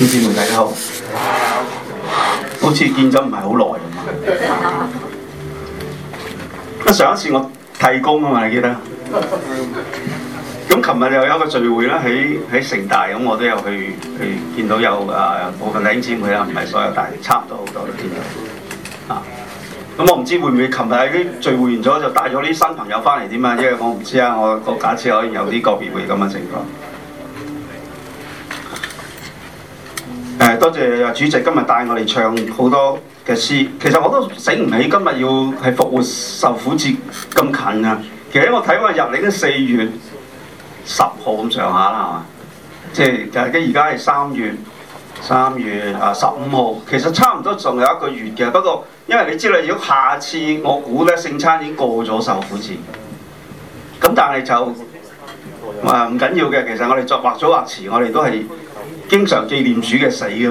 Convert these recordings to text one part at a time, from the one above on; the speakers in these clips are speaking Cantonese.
弟兄姊妹大家好，好似見咗唔係好耐咁啊！上一次我替工啊嘛，你記得。咁琴日又有一個聚會啦，喺喺城大咁，我都有去去見到有啊部分弟兄姊妹啦，唔係所有，但係，差唔多好多都見到啊。咁我唔知會唔會琴日喺啲聚會完咗就帶咗啲新朋友翻嚟點啊？因為我唔知啊，我個假設可能有啲個別會咁嘅情況。多謝啊，主席今日帶我哋唱好多嘅詩。其實我都醒唔起今日要係復活受苦節咁近啊。其實我睇翻入嚟都四月十號咁上下啦，係嘛？即係就係而家係三月三月啊十五號。其實差唔多仲有一個月嘅。不過因為你知道，如果下次我估咧聖餐已經過咗受苦節。咁但係就啊唔緊要嘅。其實我哋作畫咗畫詞，我哋都係。經常紀念主嘅死嘅，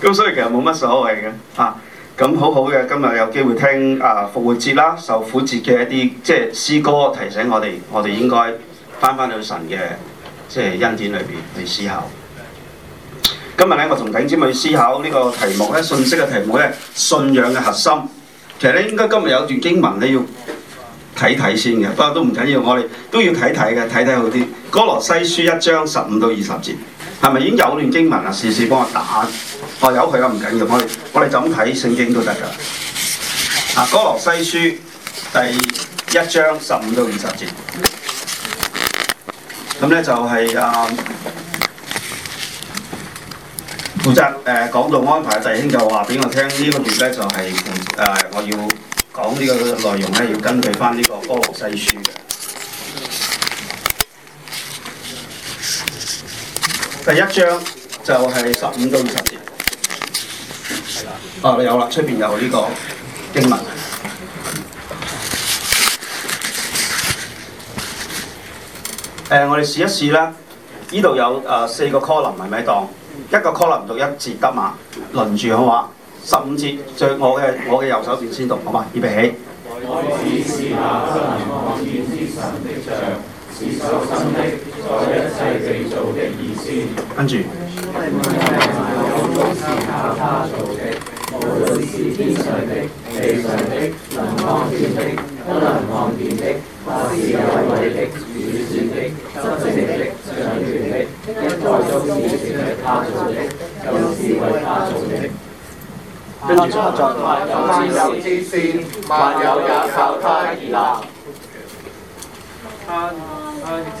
咁所以其實冇乜所謂嘅嚇，咁好好嘅今日有機會聽啊復活節啦、受苦節嘅一啲即係詩歌，提醒我哋，我哋應該翻翻到神嘅即係恩典裏邊去思考。今日呢，我同弟兄姊妹去思考呢個題目呢，信息嘅題目呢，信仰嘅核心。其實呢，應該今日有段經文你要睇睇先嘅，不過都唔緊要，我哋都要睇睇嘅，睇睇好啲。哥羅西書一章十五到二十節。係咪已經有段經文啊？試試幫我打，我、哦、由佢啊，唔緊要。我哋我哋就咁睇聖經都得㗎。啊，哥羅西書第一章十五到二十節，咁呢就係、是、啊負責誒講道安排嘅弟兄就話俾我聽，呢、這個段呢、就是，就係誒我要講呢個內容呢要根據翻呢個哥羅西書。第一章就係十五到二十節，係啦。 啊，有啦，出邊有呢個經文。誒、嗯，我哋試一試啦。依度有呃、四個 column 係咪當一個 column 讀一節得嘛？輪住好嘛？十五節，最我嘅我嘅右手邊先讀，好嘛？預備起。跟住著。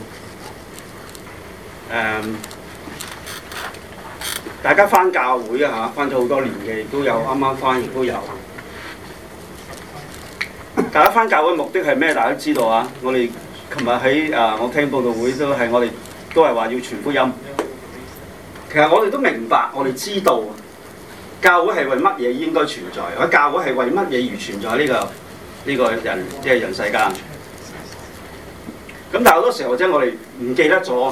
誒，um, 大家返教會啊，返咗好多年嘅，亦都有啱啱返，亦都有。大家返教會的目的係咩？大家都知道啊。我哋琴日喺啊，我聽佈道會都係我哋都係話要傳福音。其實我哋都明白，我哋知道教會係為乜嘢應該存在，我教會係為乜嘢而存在呢、呢個？呢個、呢、呢個人即係、呢個、人世界。咁但係好多時候，即係我哋唔記得咗。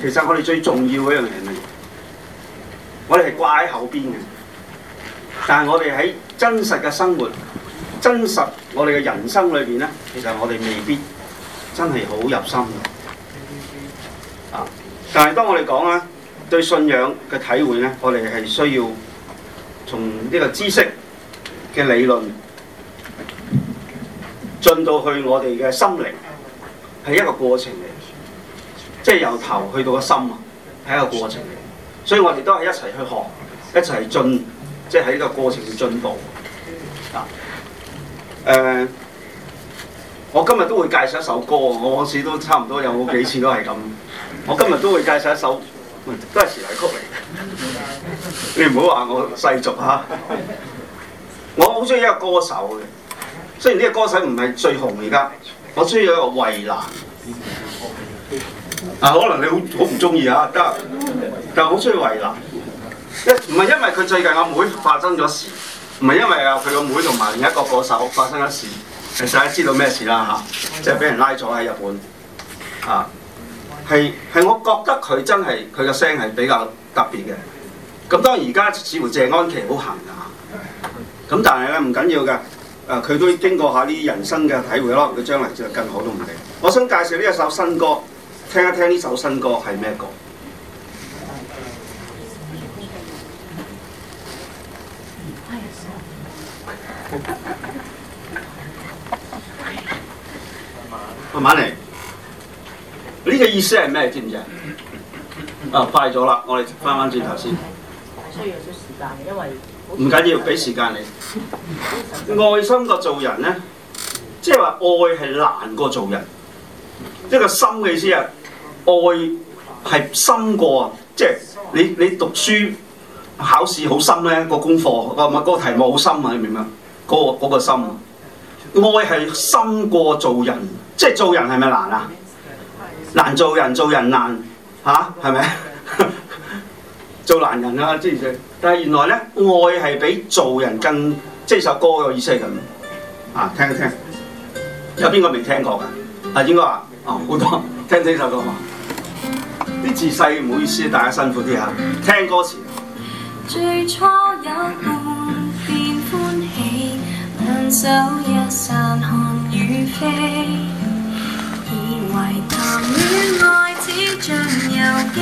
其實我哋最重要一樣嘢係咩？我哋係掛喺口邊嘅。但係我哋喺真實嘅生活、真實我哋嘅人生裏邊咧，其實我哋未必真係好入心啊！但係當我哋講咧，對信仰嘅體會咧，我哋係需要從呢個知識嘅理論進到去我哋嘅心靈，係一個過程。即係由頭去到個心啊，係一個過程，嚟。所以我哋都係一齊去學，一齊進，即係喺呢個過程進步。嗱，誒，我今日都會介紹一首歌，我往時都差唔多有幾次都係咁，我今日都會介紹一首，嗯、都係時代曲嚟嘅， 你唔好話我世俗嚇， 我好中意一個歌手嘅，雖然呢個歌手唔係最紅而家，我中意一個衞蘭。啊，可能你好好唔中意啊，得，但係好鍾意衛蘭啦。一唔係因為佢最近阿妹，妹發生咗事，唔係因為啊佢個妹同埋另一個歌手發生咗事，其實大家都知道咩事啦吓、啊，即係俾人拉咗喺日本啊，係係我覺得佢真係佢嘅聲係比較特別嘅。咁、嗯、當然而家似乎謝安琪好行啊，咁但係咧唔緊要嘅，啊佢都經過下啲人生嘅體會咯，佢、啊、將來就更好都唔定。我想介紹呢一首新歌。聽一聽呢首新歌係咩歌？慢慢嚟。呢個意思係咩？知唔知啊？快咗啦！我哋翻翻轉頭先。需要少少時間，因為唔緊要，俾時間你。愛心個做人咧，即係話愛係難過做人，一個心嘅意思啊。愛係深過啊，即係你你讀書考試好深咧，個功課同埋嗰個題目好深啊！你明唔明？嗰、嗰個嗰、嗰個深，愛係深過做人，即係做人係咪難啊？難做人，做人難嚇，係咪？ 做難人啊！之前但係原來咧，愛係比做人更，即係首歌個意思係咁。啊，聽一聽，有邊個未聽過㗎？啊，應該話，哦好多，聽唔聽首歌啊？啲字細唔好意思，大家辛苦啲吓，聽歌詞最初有半片歡喜，兩手一散看雨飛，以為談戀愛只像遊記，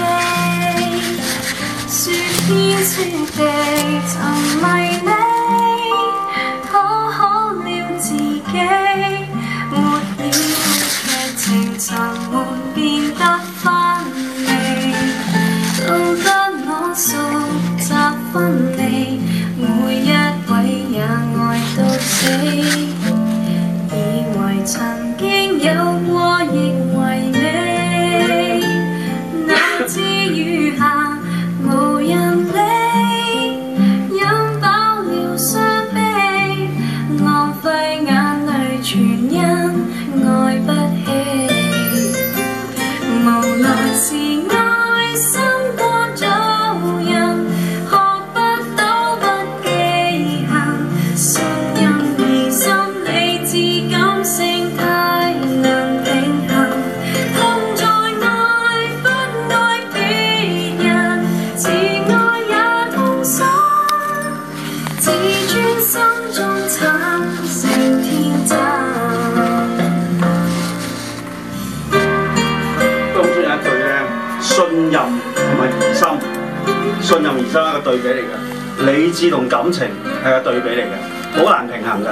天地沉迷你。 信任而生一個對比嚟嘅，理智同感情係個對比嚟嘅，好難平衡㗎。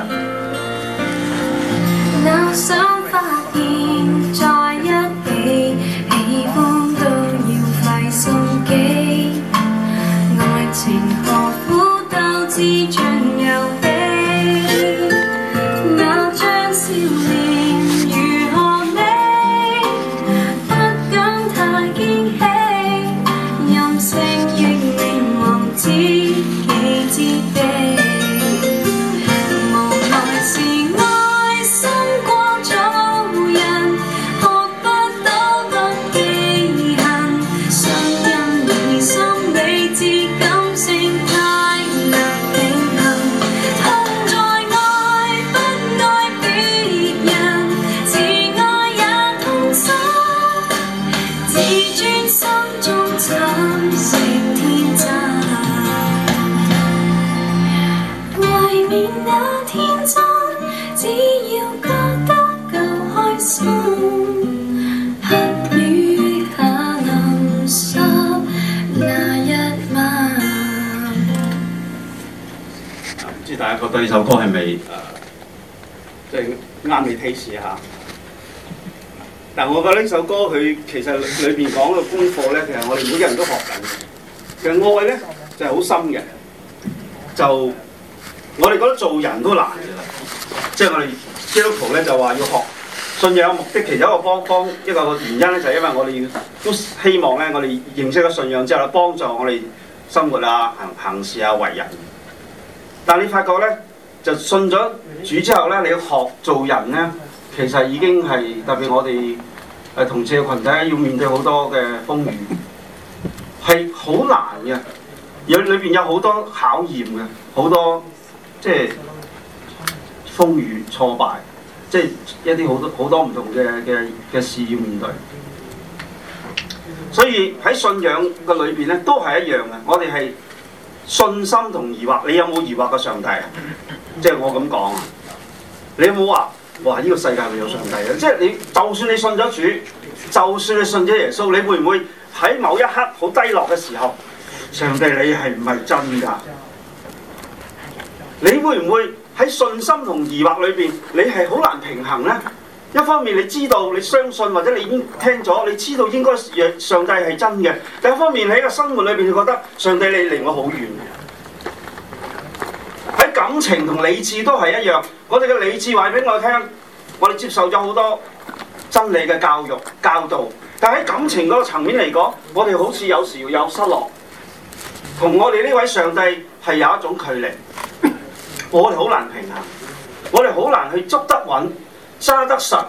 呢首歌佢其實裏邊講嘅功課咧，其實我哋每個人都學緊嘅。其實愛咧就係好深嘅。就我哋覺得做人都難嘅啦。即係我哋基督徒咧就話要學信仰嘅目的，其中一個方方一個原因咧，就係因為我哋都希望咧，我哋認識咗信仰之後，幫助我哋生活啊、行行事啊、為人。但係你發覺咧，就信咗主之後咧，你要學做人咧，其實已經係特別我哋。誒同嘅群體要面對好多嘅風雨，係好難嘅，裏面有裏邊有好多考驗嘅，好多即係風雨挫敗，即係一啲好多好多唔同嘅嘅嘅事要面對。所以喺信仰嘅裏邊咧，都係一樣嘅。我哋係信心同疑惑，你有冇疑惑過上帝啊？即、就、係、是、我咁講啊，你有冇話？哇！呢個世界會有上帝嘅，即係你就算你信咗主，就算你信咗耶穌，你會唔會喺某一刻好低落嘅時候，上帝你係唔係真㗎？你會唔會喺信心同疑惑裏邊，你係好難平衡呢？一方面你知道你相信或者你已經聽咗，你知道應該上帝係真嘅；另一方面喺個生活裏邊，你覺得上帝你離我好遠。感情同理智都係一樣，我哋嘅理智話俾我聽，我哋接受咗好多真理嘅教育教導，但喺感情嗰個層面嚟講，我哋好似有時有失落，同我哋呢位上帝係有一種距離，我哋好難平衡，我哋好難去捉得穩、揸得實，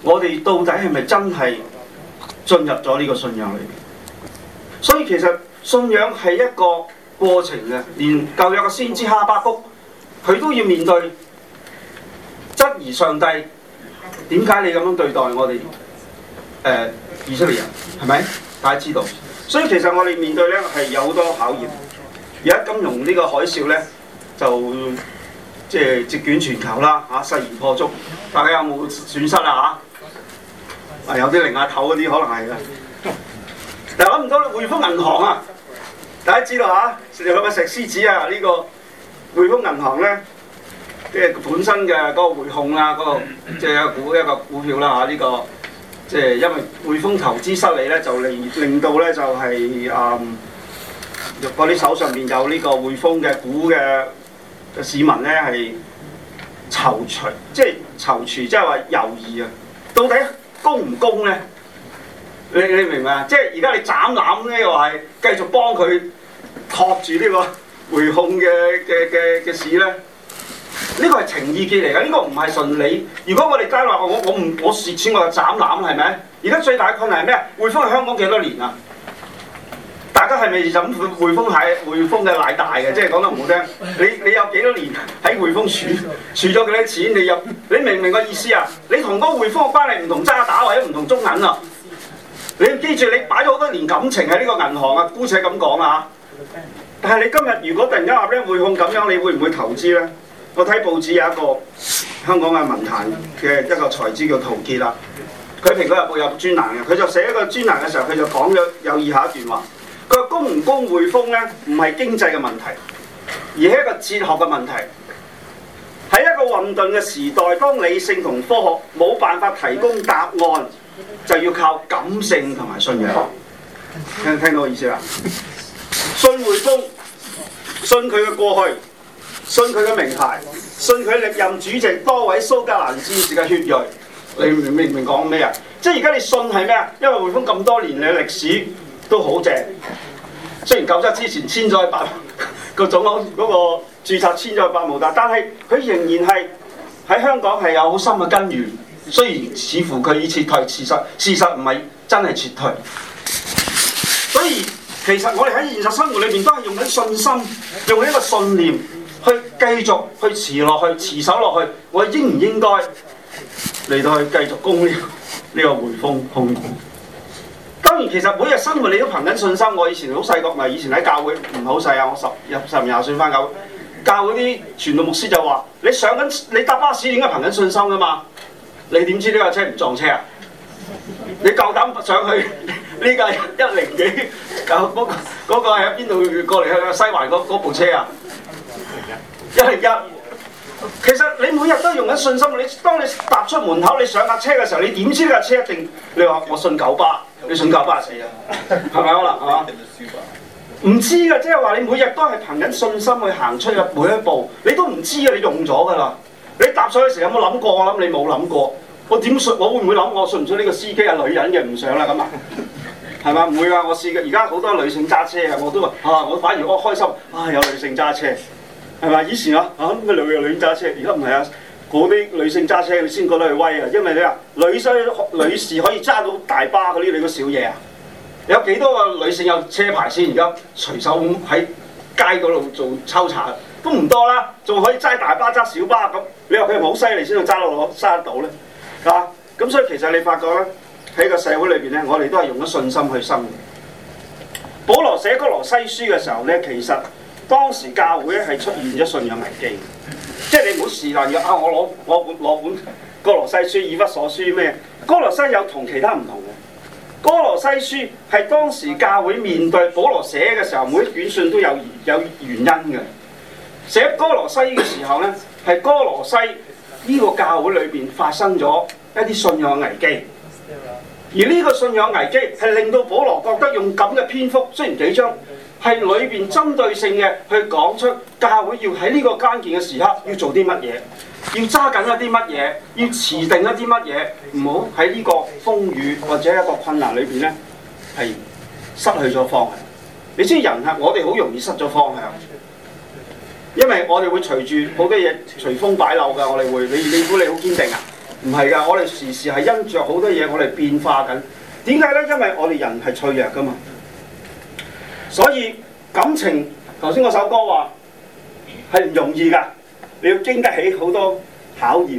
我哋到底係咪真係進入咗呢個信仰裏邊？所以其實信仰係一個過程嘅，連舊約嘅先知哈巴谷。佢都要面對，質疑上帝，點解你咁樣對待我哋？誒、呃、以色列人係咪？大家知道，所以其實我哋面對咧係有好多考驗。而家金融呢個海嘯咧，就即係席捲全球啦嚇，勢、啊、如破竹。大家有冇損失啊嚇？啊，有啲零下頭嗰啲可能係啊。但係諗唔到你匯豐銀行啊，大家知道嚇、啊，食唔食得石獅子啊呢、這個？匯豐銀行咧，即係本身嘅嗰個匯控啦、啊，嗰、那個即係、就是、一股一個股票啦、啊、嚇，呢、這個即係、就是、因為匯豐投資失利咧，就令令到咧就係、是、誒，嗰、嗯、啲手上邊有呢個匯豐嘅股嘅市民咧係躊躇，即係躊躇，即係話猶豫啊，到底供唔供咧？你你明唔明啊？即係而家你斬纜咧，又係繼續幫佢托住呢、這個。回控嘅事嘅嘅市咧，呢、這個係情意結嚟㗎，呢、這個唔係順理。如果我哋街話我我唔我蝕錢，我就斬纜係咪？而家最大嘅困難係咩？匯豐喺香港幾多年啊？大家係咪就咁匯匯豐係匯豐嘅奶大嘅？即係講得唔好聽，你，你有幾多年喺匯豐儲儲咗幾多錢？你你明唔明白個意思啊？你同嗰個匯豐關係唔同渣打或者唔同中銀啊？你要記住，你擺咗好多年感情喺呢個銀行啊，姑且咁講啦。但係你今日如果突然間話畀你匯控咁樣，你會唔會投資咧？我睇報紙有一個香港嘅文壇嘅一個才子叫陶傑啦，佢蘋果日報有專欄嘅，佢就寫一個專欄嘅時候，佢就講咗有以下一段話，佢話供唔供匯豐咧，唔係經濟嘅問題，而係一個哲學嘅問題。喺一個混沌嘅時代，當理性同科學冇辦法提供答案，就要靠感性同埋信仰。聽 聽到意思啦？ 信匯豐，信佢嘅過去，信佢嘅名牌，信佢歷任主席多位蘇格蘭戰士嘅血液，你明唔明講咩啊？即係而家你信係咩啊？因為匯豐咁多年嘅歷史都好正，雖然九七之前遷咗去百總、個總樓嗰個註冊遷咗去百慕大，但係佢仍然係喺香港係有好深嘅根源。雖然似乎佢已撤退，事實事實唔係真係撤退，所以。其實我哋喺現實生活裏面都係用緊信心，用一個信念去繼續去持落去，持守落去。我應唔應該嚟到去繼續攻呢、呢個呢、呢個回風空，空？當然，其實每日生活你都憑緊信心。我以前好細個唔係，以前喺教會唔好細啊，我十十廿歲返教會，教會嗰啲傳道牧師就話：你上緊你搭巴士應該憑緊信心㗎嘛？你點知呢架車唔撞車啊？你夠膽上去？呢架一零幾，嗰個嗰、嗰個喺邊度過嚟去西環嗰部車啊？一零一，其實你每日都用緊信心，你當你踏出門口，你上架車嘅時候，你點知呢架車一定？你話我信九巴，你信九巴死啊？係咪好啦？係嘛？唔知㗎，即係話你每日都係憑緊信心去行出嘅每一步，你都唔知啊。你用咗㗎啦。你搭上去時有冇諗過？我諗你冇諗過。我點信？我會唔會諗？我信唔信呢個司機係女人嘅？唔上啦咁啊！ 係嘛？唔會噶，我試嘅。而家好多女性揸車嘅，我都話、啊、我反而我開心啊！有女性揸車，係嘛？以前啊，啊女又女揸車，而家唔係啦。嗰啲女性揸車先覺得佢威啊，因為咩啊？女性女士可以揸到大巴嗰啲，你個小嘢啊？有幾多個女性有車牌先？而家隨手咁喺街嗰度做抽查，都唔多啦。仲可以揸大巴、揸小巴咁，你話佢唔好犀利先，仲揸到攞揸得到咧？係嘛？咁所以其實你發覺喺個社會裏面，咧，我哋都係用咗信心去生活。保羅寫《哥羅西書》嘅時候咧，其實當時教會係出現咗信仰危機。即你唔好時限要、啊、我攞本《哥羅西書》以弗所書咩？《哥羅西》有同其他唔同嘅，《哥羅西書》係當時教會面對保羅寫嘅時候，每一卷信都有，有原因嘅。寫《哥羅西》嘅時候呢，係哥羅西呢個教會裏面發生咗一啲信仰危機。而呢個信仰危機係令到保羅覺得用咁嘅篇幅，雖然幾章，係裏邊針對性嘅去講出教會要喺呢個關鍵嘅時刻要做啲乜嘢，要揸緊一啲乜嘢，要持定一啲乜嘢，唔好喺呢個風雨或者一個困難裏面咧，係失去咗方向。你知人係我哋好容易失咗方向，因為我哋會隨住好多嘢隨風擺漏㗎。我哋會，你你估你好堅定啊？唔係噶，我哋時時係因着好多嘢，我哋變化緊。點解咧？因為我哋人係脆弱噶嘛，所以感情頭先嗰首歌話係唔容易噶，你要經得起好多考驗。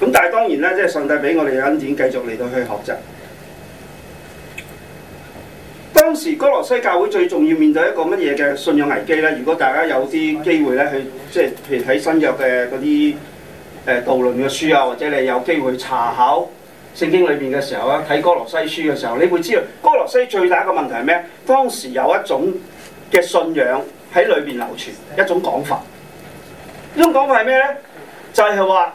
咁但係當然咧，即係上帝俾我哋恩典，繼續嚟到去學習。當時哥羅西教會最重要面對一個乜嘢嘅信仰危機咧？如果大家有啲機會咧，去即係譬如睇新約嘅嗰啲。誒道論嘅書啊，或者你有機會查考聖經裏邊嘅時候啊，睇哥羅西書嘅時候，你會知道哥羅西最大一個問題係咩？當時有一種嘅信仰喺裏邊流傳一種講法，種法呢種講法係咩咧？就係、是、話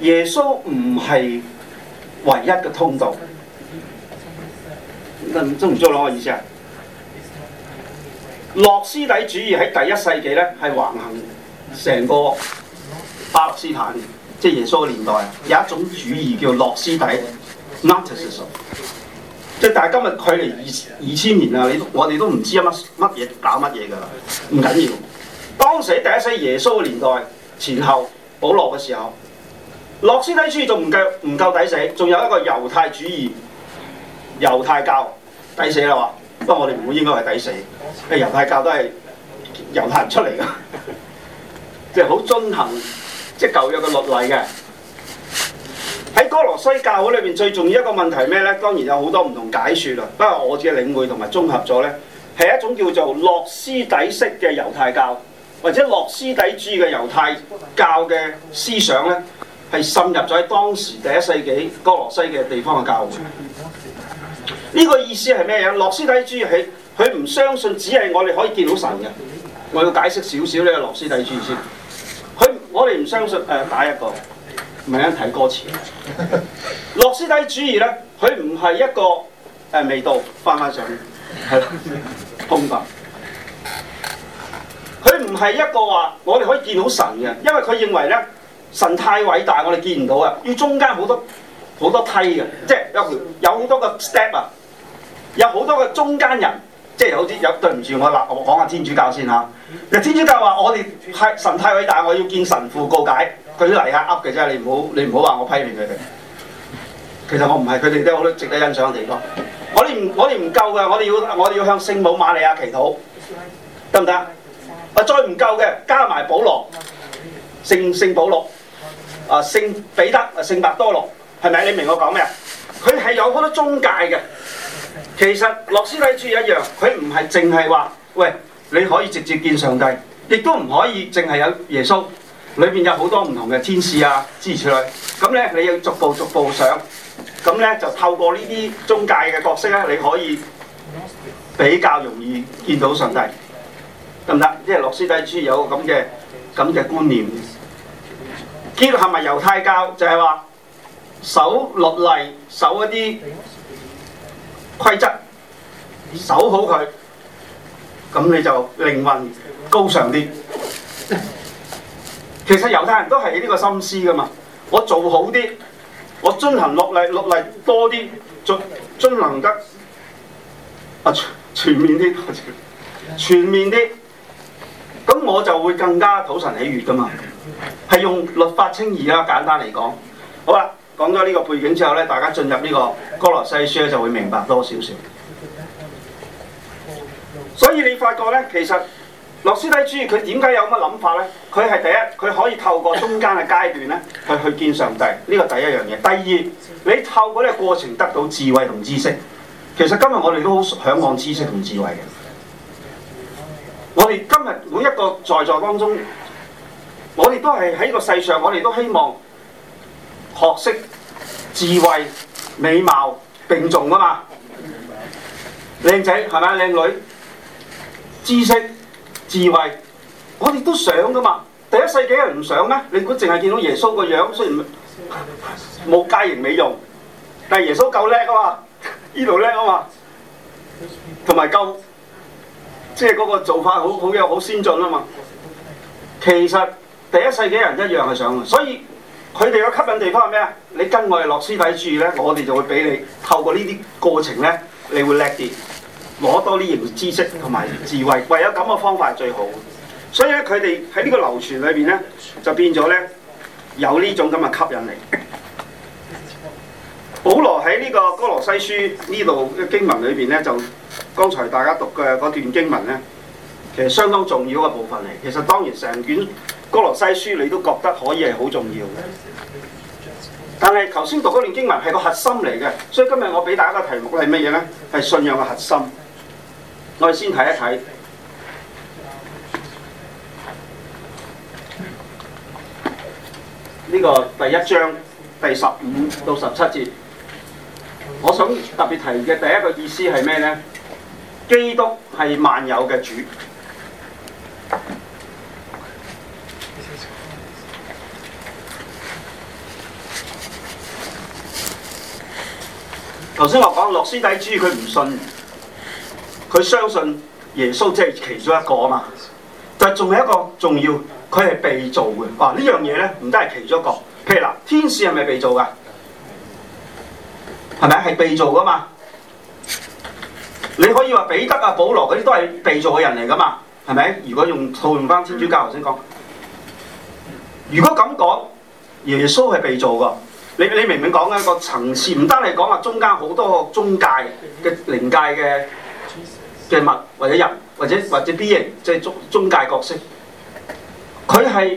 耶穌唔係唯一嘅通道。你知唔知我講嘅意思啊，諾斯底主義喺第一世紀咧係橫行成個巴勒斯坦。即耶穌嘅年代，有一種主義叫諾斯底 n 即但係今日距離二二千年啦，我哋都唔知乜乜嘢搞乜嘢㗎啦，唔緊要。當時喺第一世耶穌嘅年代，前後保羅嘅時候，諾斯底主義仲唔夠唔夠抵死，仲有一個猶太主義、猶太教抵死啦喎。不過我哋唔會應該話抵死，因為猶太教都係猶太人出嚟㗎，即係好遵行。即係舊約嘅律例嘅。喺哥羅西教會裏邊最重要一個問題咩咧？當然有好多唔同解説啦。不過我自己領會同埋綜合咗咧，係一種叫做洛斯底式嘅猶太教，或者洛斯底主義嘅猶太教嘅思想咧，係滲入咗喺當時第一世紀哥羅西嘅地方嘅教會。呢個意思係咩嘢？洛斯底主義係佢唔相信只係我哋可以見到神嘅。我要解釋少少呢個洛斯底主義先。佢我哋唔相信、呃、打一個，唔係睇歌詞。 諾斯底主義呢，佢唔係一個、呃、味道，返返上去係啦，空白。佢唔係一個話、啊、我哋可以見到神嘅，因為佢認為呢，神太偉大，我哋見唔到啊，要中間好多好多梯嘅，即係有有好多個 step 啊，有好多個中間人。即係好似有對唔住我啦，我講下天主教先吓，其實天主教話我哋係神太偉大，我要見神父告解，佢嚟嘅噏嘅啫，你唔好你唔好話我批評佢哋。其實我唔係，佢哋都有好多值得欣賞嘅地方。我哋唔我哋唔夠嘅，我哋要我哋要向聖母瑪利亞祈禱，得唔得？啊，再唔夠嘅，加埋保羅，聖聖保羅，啊聖彼得啊聖伯多祿，係咪？你明我講咩啊？佢係有好多中介嘅。其實諾斯底主義一樣，佢唔係淨係話，喂，你可以直接見上帝，亦都唔可以淨係有耶穌，裏面有好多唔同嘅天使啊之類。咁咧，你要逐步逐步上，咁咧就透過呢啲中介嘅角色咧，你可以比較容易見到上帝，得唔得？即係諾斯底主義有個咁嘅咁嘅觀念，結合埋猶太教就係、是、話守律例，守一啲。規則守好佢，咁你就靈魂高尚啲。其實猶太人都係呢個心思㗎嘛，我做好啲，我遵行律例，律例多啲，遵行得全面啲，全面啲，咁我就會更加討神喜悅㗎嘛。係用律法稱義啦，簡單嚟講，好吧。講咗呢個背景之後，大家進入呢個《哥羅西書》就會明白多少少。所以你發覺呢，其實諾斯底主義佢點解有咁嘅諗法呢？佢係第一，佢可以透過中間嘅階段咧，去去見上帝，呢個第一樣嘢。第二，你透過呢個過程得到智慧同知識。其實今日我哋都好嚮往知識同智慧。我哋今日每一個在座當中，我哋都係喺個世上，我哋都希望。學識、智慧、美貌並重啊嘛！靚仔係咪啊？靚女、知識、智慧，我哋都想噶嘛。第一世紀人唔想咩？你估淨係見到耶穌個樣？雖然冇佳形美容，但係耶穌夠叻啊嘛，呢度叻啊嘛，同埋夠，即係嗰個做法好好有好先進啊嘛。其實第一世紀人一樣係想的，所以。佢哋嘅吸引地方係咩啊？你跟我哋落私底住咧，我哋就會俾你透過呢啲過程咧，你會叻啲，攞多啲型知識同埋智慧。唯有咁嘅方法係最好，所以咧佢哋喺呢個流傳裏邊咧，就變咗咧有呢種咁嘅吸引力。保羅喺呢個哥羅西書呢度嘅經文裏邊咧，就剛才大家讀嘅嗰段經文咧，其實相當重要嘅部分嚟。其實當然成卷歌羅西書你都覺得可以係好重要嘅，但係頭先讀嗰段經文係個核心嚟嘅，所以今日我俾大家嘅題目係乜嘢呢？係信仰嘅核心，我哋先睇一睇呢個第一章第十五到十七節。我想特別提嘅第一個意思係咩呢？基督係萬有嘅主。頭先我講，諾斯底主義佢唔信，佢相信耶穌即係其中一個嘛。但係仲有一個重要，佢係被造嘅。哇！呢樣嘢咧，唔單係其中一個，譬如天使係咪被造嘅？係咪？係被造噶嘛？你可以話彼得啊、保羅嗰啲都係被造嘅人嚟噶嘛？係咪？如果用套用翻天主教頭先講，如果咁講，耶穌係被造嘅。你你明明講咧個層次，唔單係講話中間好多個中介嘅靈界嘅物或者人或者或者啲嘢，即係中中介角色。佢係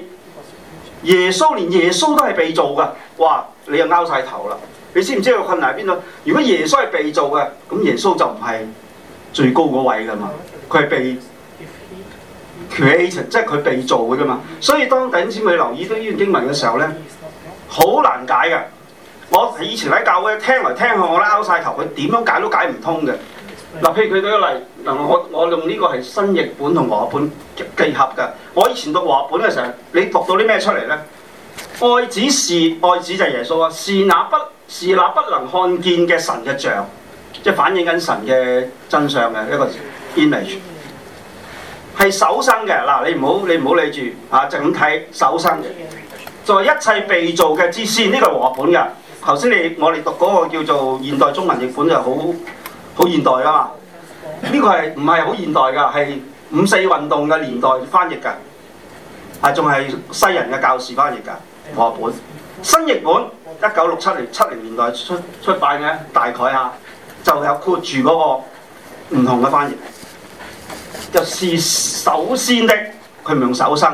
耶穌，連耶穌都係被造嘅。哇！你又拗曬頭啦！你知唔知道個困難喺邊啊？如果耶穌係被造嘅，咁耶穌就唔係最高嗰位啦嘛。佢係被 creation，即係佢被造嘅嘛。所以當頂先去留意到呢段經文嘅時候呢。好難解嘅，我以前喺教會聽嚟聽去，我都拗晒頭，佢點樣解都解唔通嘅。嗱、啊，譬如佢舉個例，嗱、啊、我我用呢個係新譯本同華本嘅結合嘅。我以前讀華本嘅時候，你讀到啲咩出嚟咧？愛子，是愛子就係耶穌啊，是那不，是那不能看見嘅神嘅像，即係反映緊神嘅真相嘅一個 image，係首生嘅。嗱、啊，你唔好你唔好理住，啊就咁睇首生嘅。就係一切被造嘅之先，呢、這個係和本嘅。頭先你我哋讀嗰個叫做現代中文譯本就好好現代啊嘛。呢、這個係唔係好現代㗎？係五四運動嘅年代翻譯㗎，係仲係西人嘅教士翻譯㗎。和本新譯本，一九六七年七零年代出出版嘅，大概啊就係括住嗰個唔同嘅翻譯，就是首先的，佢唔用首生。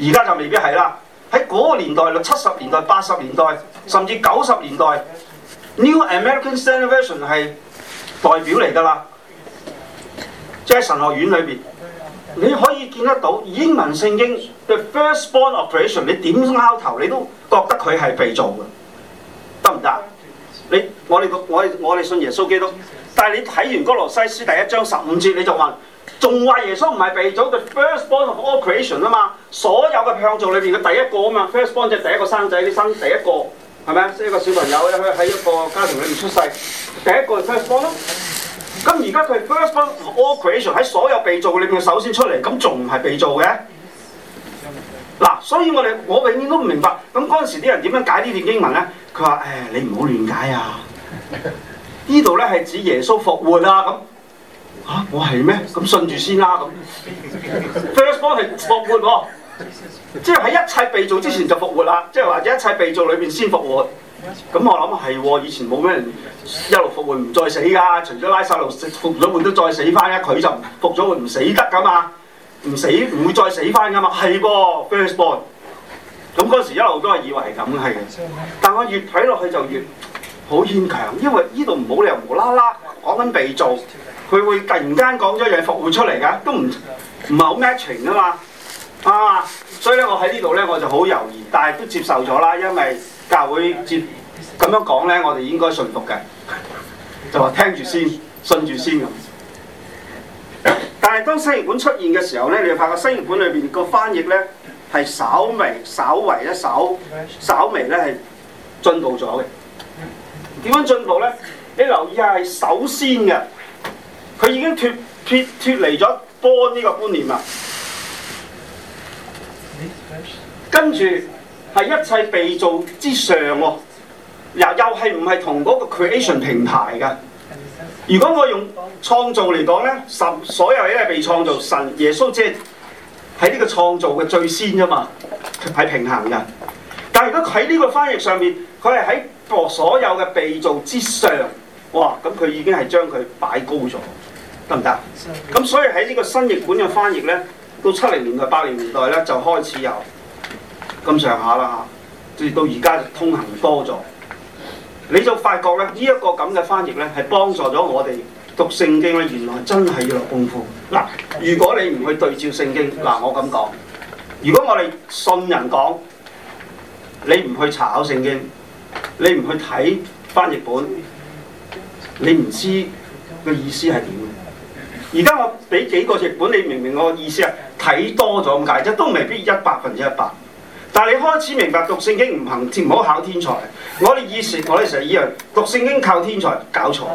而家就未必係啦，喺嗰個年代，六七十年代、八十年代，甚至九十年代，New American Salvation 係代表嚟㗎啦，即係神學院裏面，你可以見得到英文聖經 The First Born of Creation，你點拗頭你都覺得佢係被造嘅，得唔得？你我哋我們我們信耶穌基督，但係你睇完哥羅西書第一章十五節，你就問。仲話耶穌唔係被造嘅 firstborn of all creation 啊嘛，所有嘅創造裏面嘅第一個啊嘛，firstborn 即係第一個生仔，啲生第一個係咪啊？即係、一個小朋友喺喺一個家庭裏面出世，第一個 firstborn。咁而家佢 firstborn of all creation 喺所有被造裏邊首先出嚟，咁仲唔係被造嘅。嗱、嗯嗯啊，所以我哋我永遠都唔明白，咁嗰陣時啲人點樣解呢段英文呢？佢話你唔好亂解啊！ 這裡呢度咧係指耶穌復活啦、啊我係咩？咁順住先啦咁。Firstborn 係復活喎，即係喺一切被造之前就復活啦，即係或者一切被造裏邊先復活。咁我諗係喎，以前冇咩人一路復活唔再死噶，除咗拉撒路復咗活都再死翻一，佢就復咗活唔死得噶嘛，唔死唔會再死翻噶嘛，係噃 Firstborn。咁嗰時一路都係以為咁係，但我越睇落去就越好牽強，因為呢度唔好理由無啦啦講緊被造。佢會，會突然間講咗一樣服務出嚟㗎，都唔唔係好 matching 啊嘛，所以咧我喺呢度咧我就好猶豫，但係都接受咗啦，因為教會接咁樣講咧，我哋應該信服嘅，就話聽住先，信住先咁。但係當新譯本出現嘅時候咧，你會發覺新譯本裏面個翻譯咧係稍微、稍微一手、稍微咧係進步咗嘅。點樣進步呢？你留意一下，係首先嘅。佢已經脱脱脱離咗波呢個觀念啊！跟住係一切被造之上喎，又係唔係同嗰個 creation 平台嘅？如果我用創造嚟講呢，神所有嘢係被創造，神耶穌即係喺呢個創造嘅最先啫嘛，係平衡嘅。但如果喺呢個翻譯上面，佢係喺個所有嘅被造之上，哇！咁佢已經係將佢擺高咗。得唔得？咁所以喺呢個新譯本嘅翻譯咧，到七零年代、八零年代咧就開始有咁上下啦嚇。至到而家通行多咗，你就發覺咧，這個、這呢一個咁嘅翻譯咧，係幫助咗我哋讀聖經咧。原來真係要落功夫嗱。如果你唔去對照聖經嗱，我咁講，如果我哋信人講，你唔去查考聖經，你唔去睇翻譯本，你唔知個意思係點。而家我畀幾個例子，你明唔明我意思啊？睇多咗咁解啫，都未必一百分之一百。但係你開始明白讀聖經唔行，唔好考天才。我哋以前我哋成日依樣讀聖經靠天才搞錯。呢、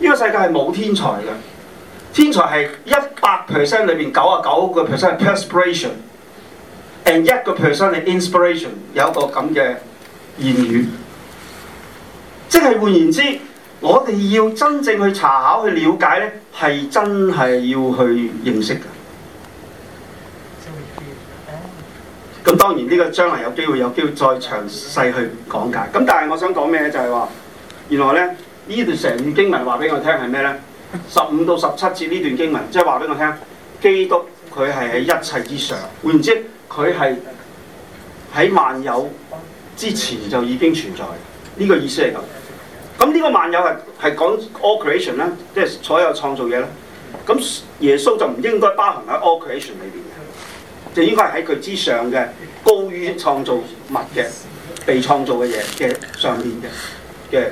呢個世界係冇天才嘅，天才係一百 percent 裏邊九啊九個 percent 係 perspiration，and 一個 percent 係 inspiration。有一個咁嘅言語，即係換言之。我哋要真正去查考去了解，呢係真係要去認識嘅。咁當然呢個將來有機會有機會再詳細去講解。咁但係我想講咩咧？就係話原來呢段成經文話俾我聽係咩？十五到十七節呢段經文，即係話俾我聽，基督佢係喺一切之上，換言之，佢係喺萬有之前就已經存在。呢、這個意思係咁。咁呢個萬有係係講 creation 啦，即係所有度創造嘢啦。咁耶穌就唔應該包含喺 creation 裏邊嘅，就應該係喺佢之上嘅、高於創造物嘅、被創造嘅嘢嘅上面嘅嘅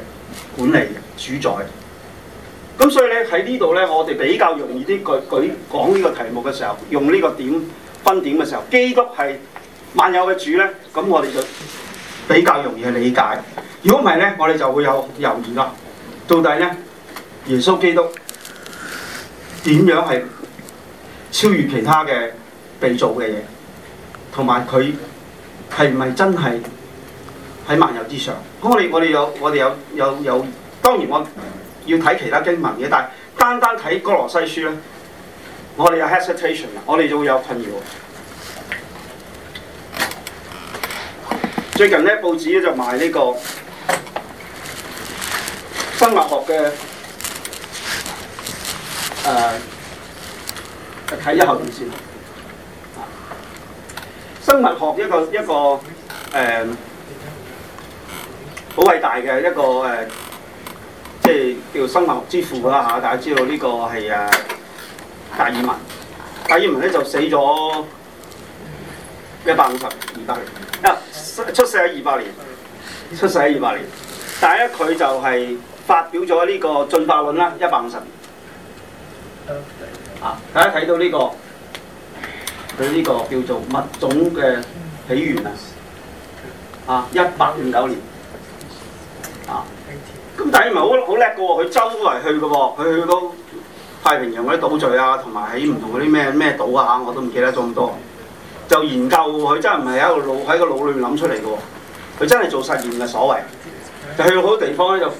管理主宰。咁所以咧喺呢度咧，我哋比較容易啲舉舉講呢個題目嘅時候，用呢個點分點嘅時候，基督係萬有嘅主咧，咁我哋就比較容易去理解。如果唔係咧，我哋就會有猶豫啦。到底咧，耶穌基督點樣係超越其他嘅被造嘅嘢，同埋佢係唔係真係喺萬有之上？咁我哋我哋有我哋有有有，當然我要睇其他經文嘅，但係單單睇哥羅西書咧，我哋有 hesitation 啦，我哋就會有困擾。最近呢，報紙咧就賣呢個生物學嘅，誒睇一下先，生物學一個一個誒好偉大嘅一個誒、呃，即係叫生物學之父啦嚇、啊！大家知道呢個係誒達爾文，達爾文咧就死咗一百五十二百零出世喺二百年，出世喺二百年，但係咧佢就係發表咗呢個進化論啦，一百五十年。啊，大家睇到呢個，佢呢個叫做物種嘅起源啊，啊，一百五九年啊，咁但係唔係好好叻嘅喎，佢周圍去嘅喎，佢去到太平洋嗰啲島嶼啊，同埋喺唔同嗰啲咩咩島啊，我都唔記得咗咁多。就研究佢真係唔係喺個腦，喺個腦裏面諗出嚟嘅喎，佢真係做實驗嘅所謂。就去到好多地方咧，就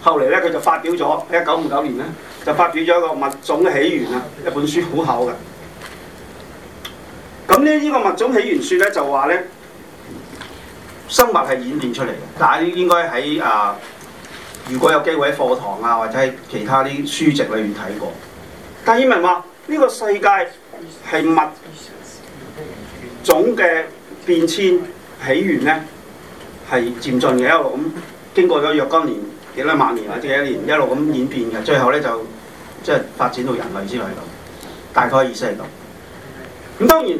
後嚟咧佢就發表咗喺一九五九年咧，就發表咗一個物種嘅起源啦，一本書好厚嘅。咁咧呢個物種起源説咧就話咧，生物係演變出嚟嘅。但係應該喺啊、呃，如果有機會喺課堂啊或者係其他啲書籍裏面睇過。但顯文話：呢、呢個世界係物。總嘅變遷起源咧係漸進嘅，一路咁經過咗若干年幾多萬年或者幾多年，一路咁演變嘅，最後咧就即係發展到人類之類咁。大概意思係咁、這個。咁當然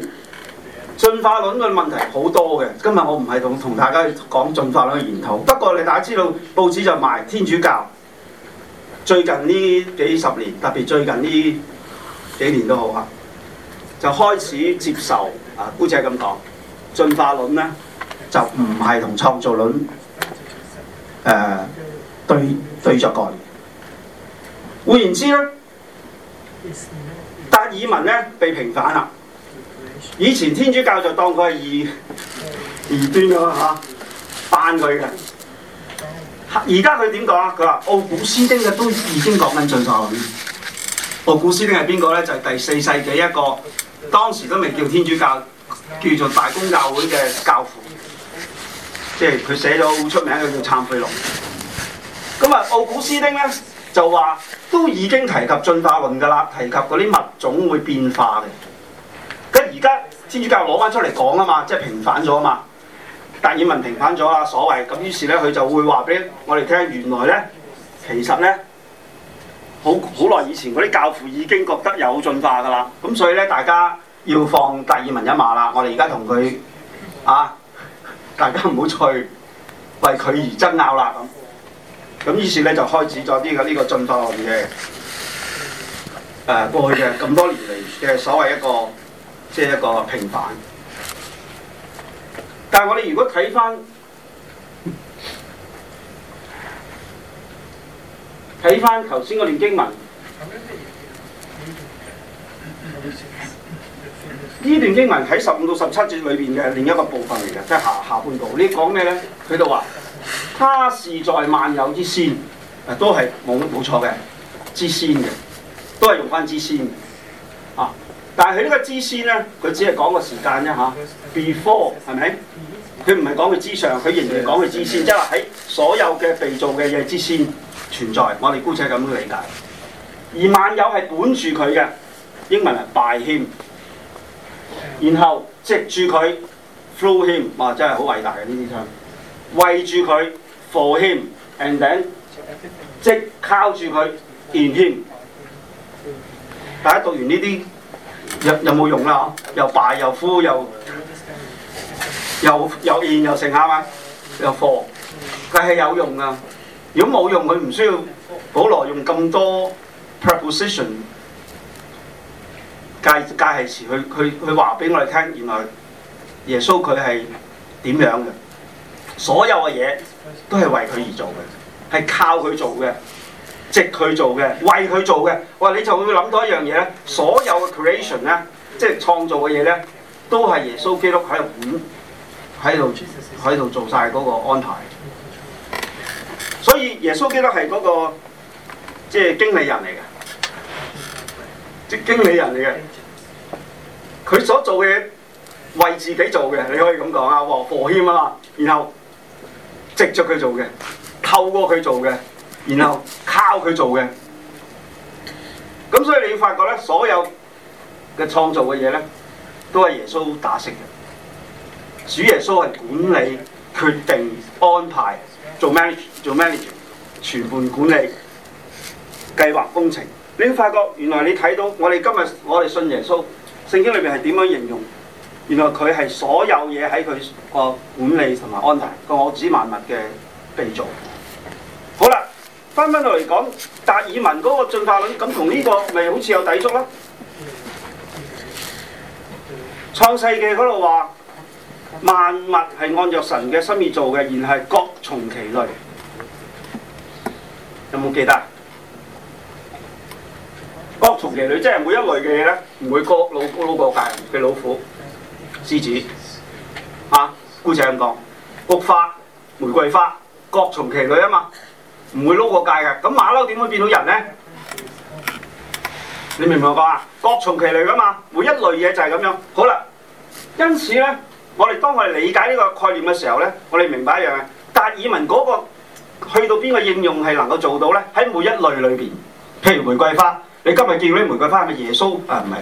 進化論嘅問題好多嘅，今日我唔係同同大家講進化論嘅研討。不過你大家知道報紙就賣天主教最近呢幾十年，特別最近呢幾年都好啊，就開始接受。姑且係咁講，進化論咧就唔係同創造論誒、呃、對着著幹。換言之咧，達爾文咧被平反啦。以前天主教就當佢係異異端咯嚇，扳佢嘅。而家佢點講啊？佢話奧古斯丁嘅都已經講緊進化論。奧古斯丁係邊個咧？就係、是、第四世紀一個，當時都未叫天主教，叫做大公教會嘅教父，即係佢寫咗好出名嘅叫懺悔錄。咁啊，奧古斯丁呢，就話都已經提及進化論噶啦，提及嗰啲物種會變化嘅。咁而家天主教攞翻出嚟講啊嘛，即係平反咗嘛，達爾文平反咗啦，所謂咁，於是咧佢就會話俾我哋聽，原來呢，其實呢。好好耐以前嗰啲教父已經覺得有進化㗎啦，咁所以咧大家要放達爾文一馬啦，我哋而家同佢啊，大家唔好再為佢而爭拗啦咁，咁於是咧就開始咗啲嘅呢個進、呢個、化嘅誒、呃、過去嘅咁多年嚟嘅所謂一個即係一個平凡，但係我哋如果睇翻。睇翻頭先嗰段經文，呢段經文喺十五到十七節裏面嘅另一個部分嚟嘅，即係下，下半部。你講咩咧？佢就話：他是在萬有之先，都係冇冇錯嘅之先嘅，都係用翻之先的啊！但係佢呢個之先呢，佢只係講個時間啫嚇。Before 係咪？佢唔係講佢之上，佢仍然講佢之先，即係話喺所有嘅被造嘅嘢之先。存在，我哋姑且咁理解。而萬有係管住佢嘅，英文係 by him，然後藉住佢 through him，哇，真係好偉大嘅呢啲槍，圍住佢 for him，and then 即靠住佢 in him。大家讀完呢啲有有冇用啦？嗬，又 by 又 through 又又又 in 又成下嘛，又 for，佢係有用㗎。如果冇用，佢唔需要保羅用咁多 proposition 介介係詞，去去去話俾我哋聽，原來耶穌佢係點樣嘅？所有嘅嘢都係為佢而做嘅，係靠佢做嘅，藉佢做嘅，為佢做嘅。哇！你就會諗到一樣嘢咧。所有嘅 creation 咧，即係創造嘅嘢咧，都係耶穌基督喺度管，喺度喺度做晒嗰個安排。所以耶穌基督係嗰個即係經理人嚟嘅，即經理人嚟嘅，佢所做嘅嘢，為自己做嘅，你可以咁講啊，和謙啊嘛，然後藉着佢做嘅，透過佢做嘅，然後靠佢做嘅，咁所以你會發覺咧，所有嘅創造嘅嘢咧，都係耶穌打成嘅，主耶穌係管理、決定、安排。做 manager，做 manager，全盤管理、計劃工程，你會發覺原來你睇到我哋今日，我哋信耶穌，聖經裏面係點樣形容？原來佢係所有嘢喺佢個管理同埋安排，個我指萬物嘅被造。好啦，翻返到嚟講，達爾文嗰個進化論，咁同呢個咪好似有抵觸咯？創世記嗰度話。萬物係按著神嘅心意做嘅，然係各從其類。有冇記得？各從其類即係每一類嘅嘢咧，唔會個老老過界嘅老虎、獅子啊、姑姐咁講、菊花、玫瑰花，各從其類啊嘛，唔會撈過界嘅。咁馬騮點會變到人咧？你明唔明白啩？各從其類噶嘛，每一類嘢就係咁樣。好啦，因此咧。我哋當我哋理解呢個概念嘅時候呢，我哋明白一樣嘢。達爾文嗰個去到邊個應用係能夠做到呢？喺每一類裏邊，譬如玫瑰花，你今日見到啲玫瑰花係咪耶穌？啊，唔係，誒、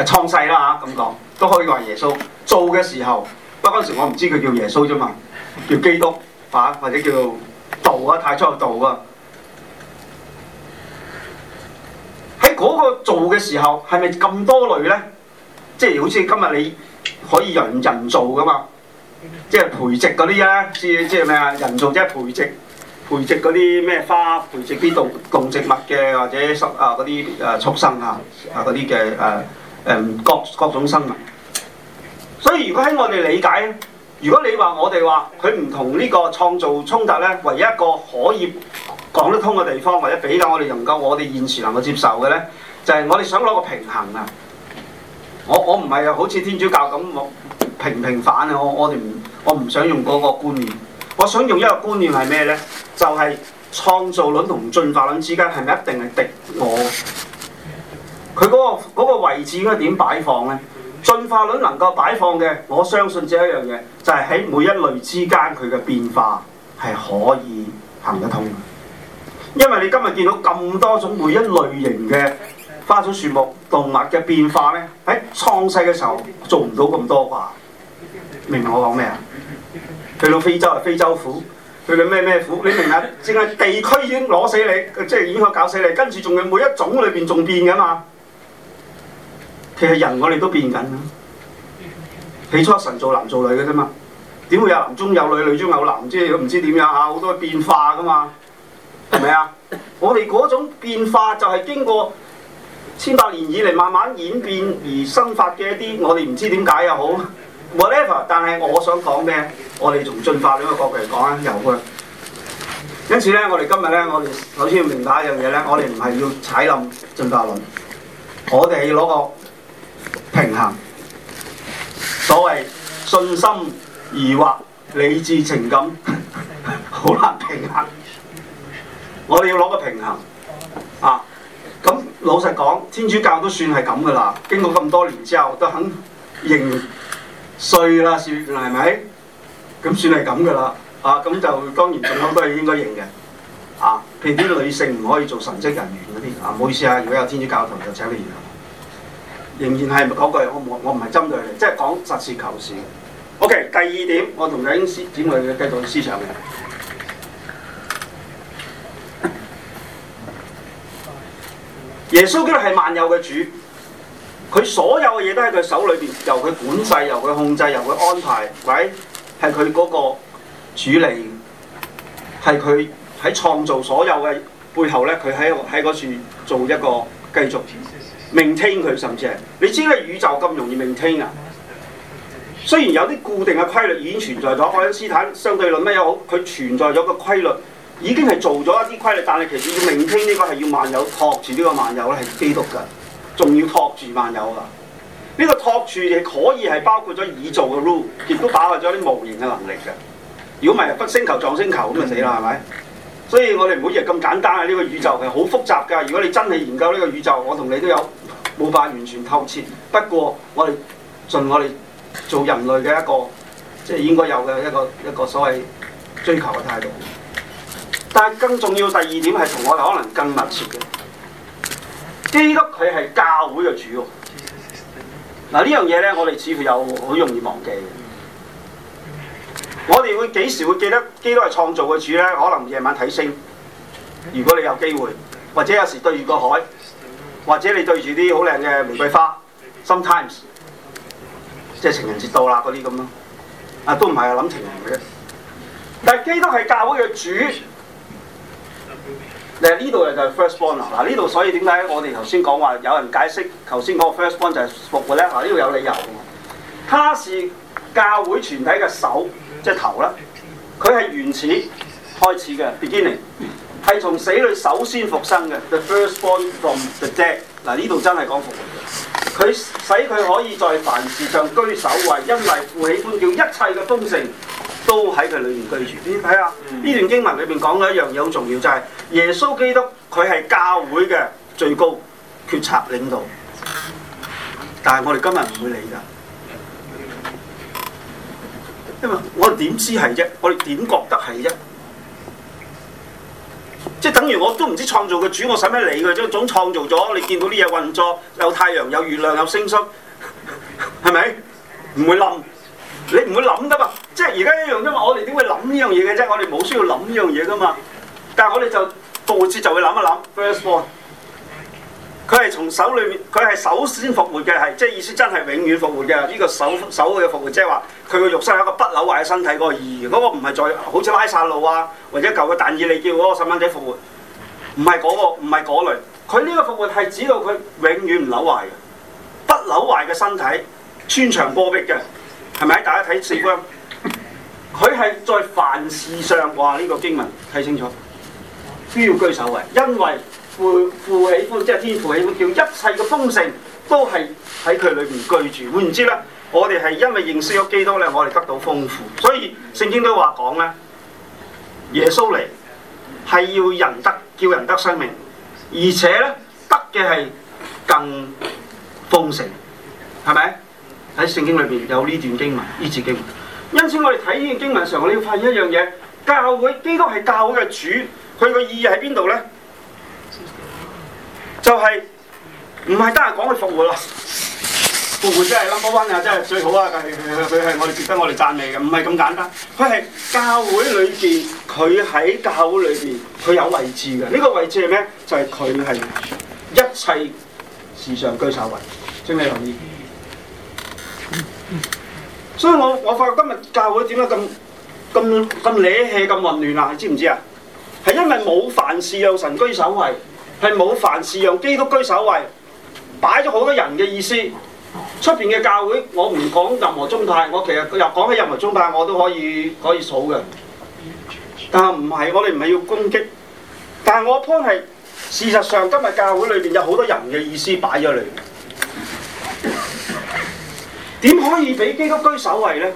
啊、創世啦嚇咁講，都可以話耶穌做嘅時候，時候不過嗰時我唔知佢叫耶穌啫嘛，叫基督啊，或者叫道啊，太初有道啊。喺嗰個做嘅時候，係咪咁多類呢？即係好似今日你。可以人人造㗎嘛？即係培植嗰啲啊，即係即係咩啊？人造即係培植培植嗰啲咩花，培植啲動動植物嘅，或者啊嗰啲啊畜生啊，啊嗰啲嘅誒誒各各種生物。所以如果喺我哋理解，如果你話我哋話佢唔同呢個創造衝突咧，唯一一個可以講得通嘅地方，或者比較我哋能夠我哋現時能夠接受嘅咧，就係我哋想攞個平衡啊！我我唔係啊，好似天主教咁平平反啊！我我哋唔我唔想用嗰個觀念，我想用一個觀念係咩呢？就係創造論同進化論之間係咪一定係敵我？佢嗰個嗰個位置應該點擺放呢？進化論能夠擺放嘅，我相信只有一樣嘢就係喺每一類之間佢嘅變化係可以行得通，因為你今日見到咁多種每一類型嘅。花草樹木動物嘅變化呢，喺創世嘅時候做唔到咁多啩，明唔明我講咩啊？去到非洲係非洲苦，去到咩咩苦？你明唔明？正係地區已經攞死你，即係已經搞死你。跟住仲有每一種裏面仲變嘅嘛。其實人我哋都變緊，起初神做男做女嘅啫嘛，點會有男中有女，女中有男？唔知唔知點樣嚇，好多變化㗎嘛，係咪啊？我哋嗰種變化就係經過。千百年以嚟慢慢演變而生發嘅一啲，我哋唔知點解又好，whatever。What ever，但係我想講咩？我哋從進化呢個角度嚟講咧，由佢。因此咧，我哋今日咧，我哋首先要明白一樣嘢咧，我哋唔係要踩冧進化論，我哋要攞個平衡。所謂信心、疑惑、理智、情感，好 難平衡。我哋要攞個平衡啊！咁老實講，天主教都算係咁噶啦。經過咁多年之後，都肯認罪啦，算係咪？咁算係咁噶啦。啊，咁就當然政府都係應該認嘅。啊，譬如啲女性唔可以做神職人員嗰啲。啊，唔好意思啊！如果有天主教徒，就請你入。仍然係嗰句，我我唔係針對你，即係講實事求是。OK，第二點，我同李英師點嘅，繼續，續思想嘅。耶穌基督係萬有嘅主，佢所有嘅嘢都喺佢手裏面，由佢管制、由佢控制，由佢安排，係咪？係佢嗰個主嚟，係佢喺創造所有嘅背後咧，佢喺喺嗰處做一個繼續 maintain 佢，甚至係你知啦，宇宙咁容易 maintain 啊！雖然有啲固定嘅規律已經存在咗，愛因斯坦相對論乜都好，佢存在咗個規律。已經係做咗一啲規律，但係其實要明聽呢個係要萬有托住呢個萬有咧，係基督㗎，仲要托住萬有㗎。呢、這個托住嘅可以係包括咗已做嘅 rule，亦都打開咗啲無形嘅能力嘅。如果唔係不北星球撞星球咁就死啦，係咪？所以我哋唔好以為咁簡單啊！呢、這個宇宙係好複雜㗎。如果你真係研究呢個宇宙，我同你都有冇辦法完全透徹。不過我哋盡我哋做人類嘅一個即係、就是、應該有嘅一個一個，一個所謂追求嘅態度。但係更重要第二點係同我哋可能更密切嘅，基督佢係教會嘅主喎。嗱呢樣嘢咧，我哋似乎又好容易忘記。我哋會幾時會記得基督係創造嘅主咧？可能夜晚睇星，如果你有機會，或者有時對住個海，或者你對住啲好靚嘅玫瑰花，sometimes，即係情人節到啦嗰啲咁咯。啊，都唔係啊，諗情人嘅啫。但係基督係教會嘅主。呢度就係 firstborn 啦，嗱呢度所以點解我哋頭先講話有人解釋頭先講 firstborn 就係復活咧？嗱呢度有理由，它是教會全體嘅首，即係頭啦。佢係原始開始嘅 beginning，係從死裏首先復生嘅 the firstborn from the dead。嗱呢度真係講復活嘅，佢使佢可以在凡事上居首位，因為父喜歡叫一切嘅豐盛，都喺佢裏面居住。你睇下呢段經文裏面講嘅一樣嘢好重要，就係：耶穌基督佢係教會嘅最高決策領導。但係我哋今日唔會理噶，因為我哋點知係啫？我哋點覺得係啫？即係等於我都唔知創造嘅主我使乜理噶啫？總創造咗，你見到啲嘢運作，有太陽有月亮有星宿，係咪？唔會冧。你唔會諗㗎嘛？即係而家一樣啫嘛！我哋點會諗呢樣嘢嘅啫？我哋冇需要諗呢樣嘢噶嘛。但係我哋就多次就會諗一諗。First one，佢係從手裏面，佢係首先復活嘅，係即係意思是真係永遠復活嘅呢、呢個手手嘅復活，即係話佢個肉身有一個不扭壞嘅身體嗰個意義。嗰個唔係再好似拉撒路啊，或者舊嘅但以理叫嗰個細蚊仔復活，唔係嗰個，唔係嗰類。佢呢個復活係指到佢永遠唔扭壞嘅，不扭壞嘅身體，穿牆波壁嘅。係咪？大家睇四句，佢係在凡事上話呢個經文，睇清楚，都要居首位，因為父，父喜歡，即係、就是、天父喜歡，叫一切嘅豐盛都係喺佢裏面居住。換言之，我哋係因為認識咗基督咧，我哋得到豐富。所以聖經都話講咧，耶穌嚟係要人得，叫人得生命，而且咧得嘅係更豐盛，係咪？喺聖經裏邊有呢段經文，呢節經文，因此我哋睇呢段經文上，我哋要發現一樣嘢，教會基督係教會嘅主，佢嘅意義喺邊度咧？就係唔係得人講佢復活啦？復活真係啦，number one 真係最好啊！佢係我哋值得我哋讚美嘅，唔係咁簡單。佢係教會裏邊，佢喺教會裏邊，佢有位置嘅。呢個位置係咩？就係佢係一切事上居首位。請你留意。所以我我發覺今日教會點解咁咁咁咧氣咁混亂啊？你知唔知啊？係因為冇凡事有神居首位，係冇凡事讓基督居首位，擺咗好多人嘅意思。出邊嘅教會，我唔講任何宗派，我其實又講起任何宗派，我都可以可以數嘅。但係唔係，我哋唔係要攻擊，但係我 point 係事實上今日教會裏邊有好多人嘅意思擺咗嚟。點可以俾基督居首位咧？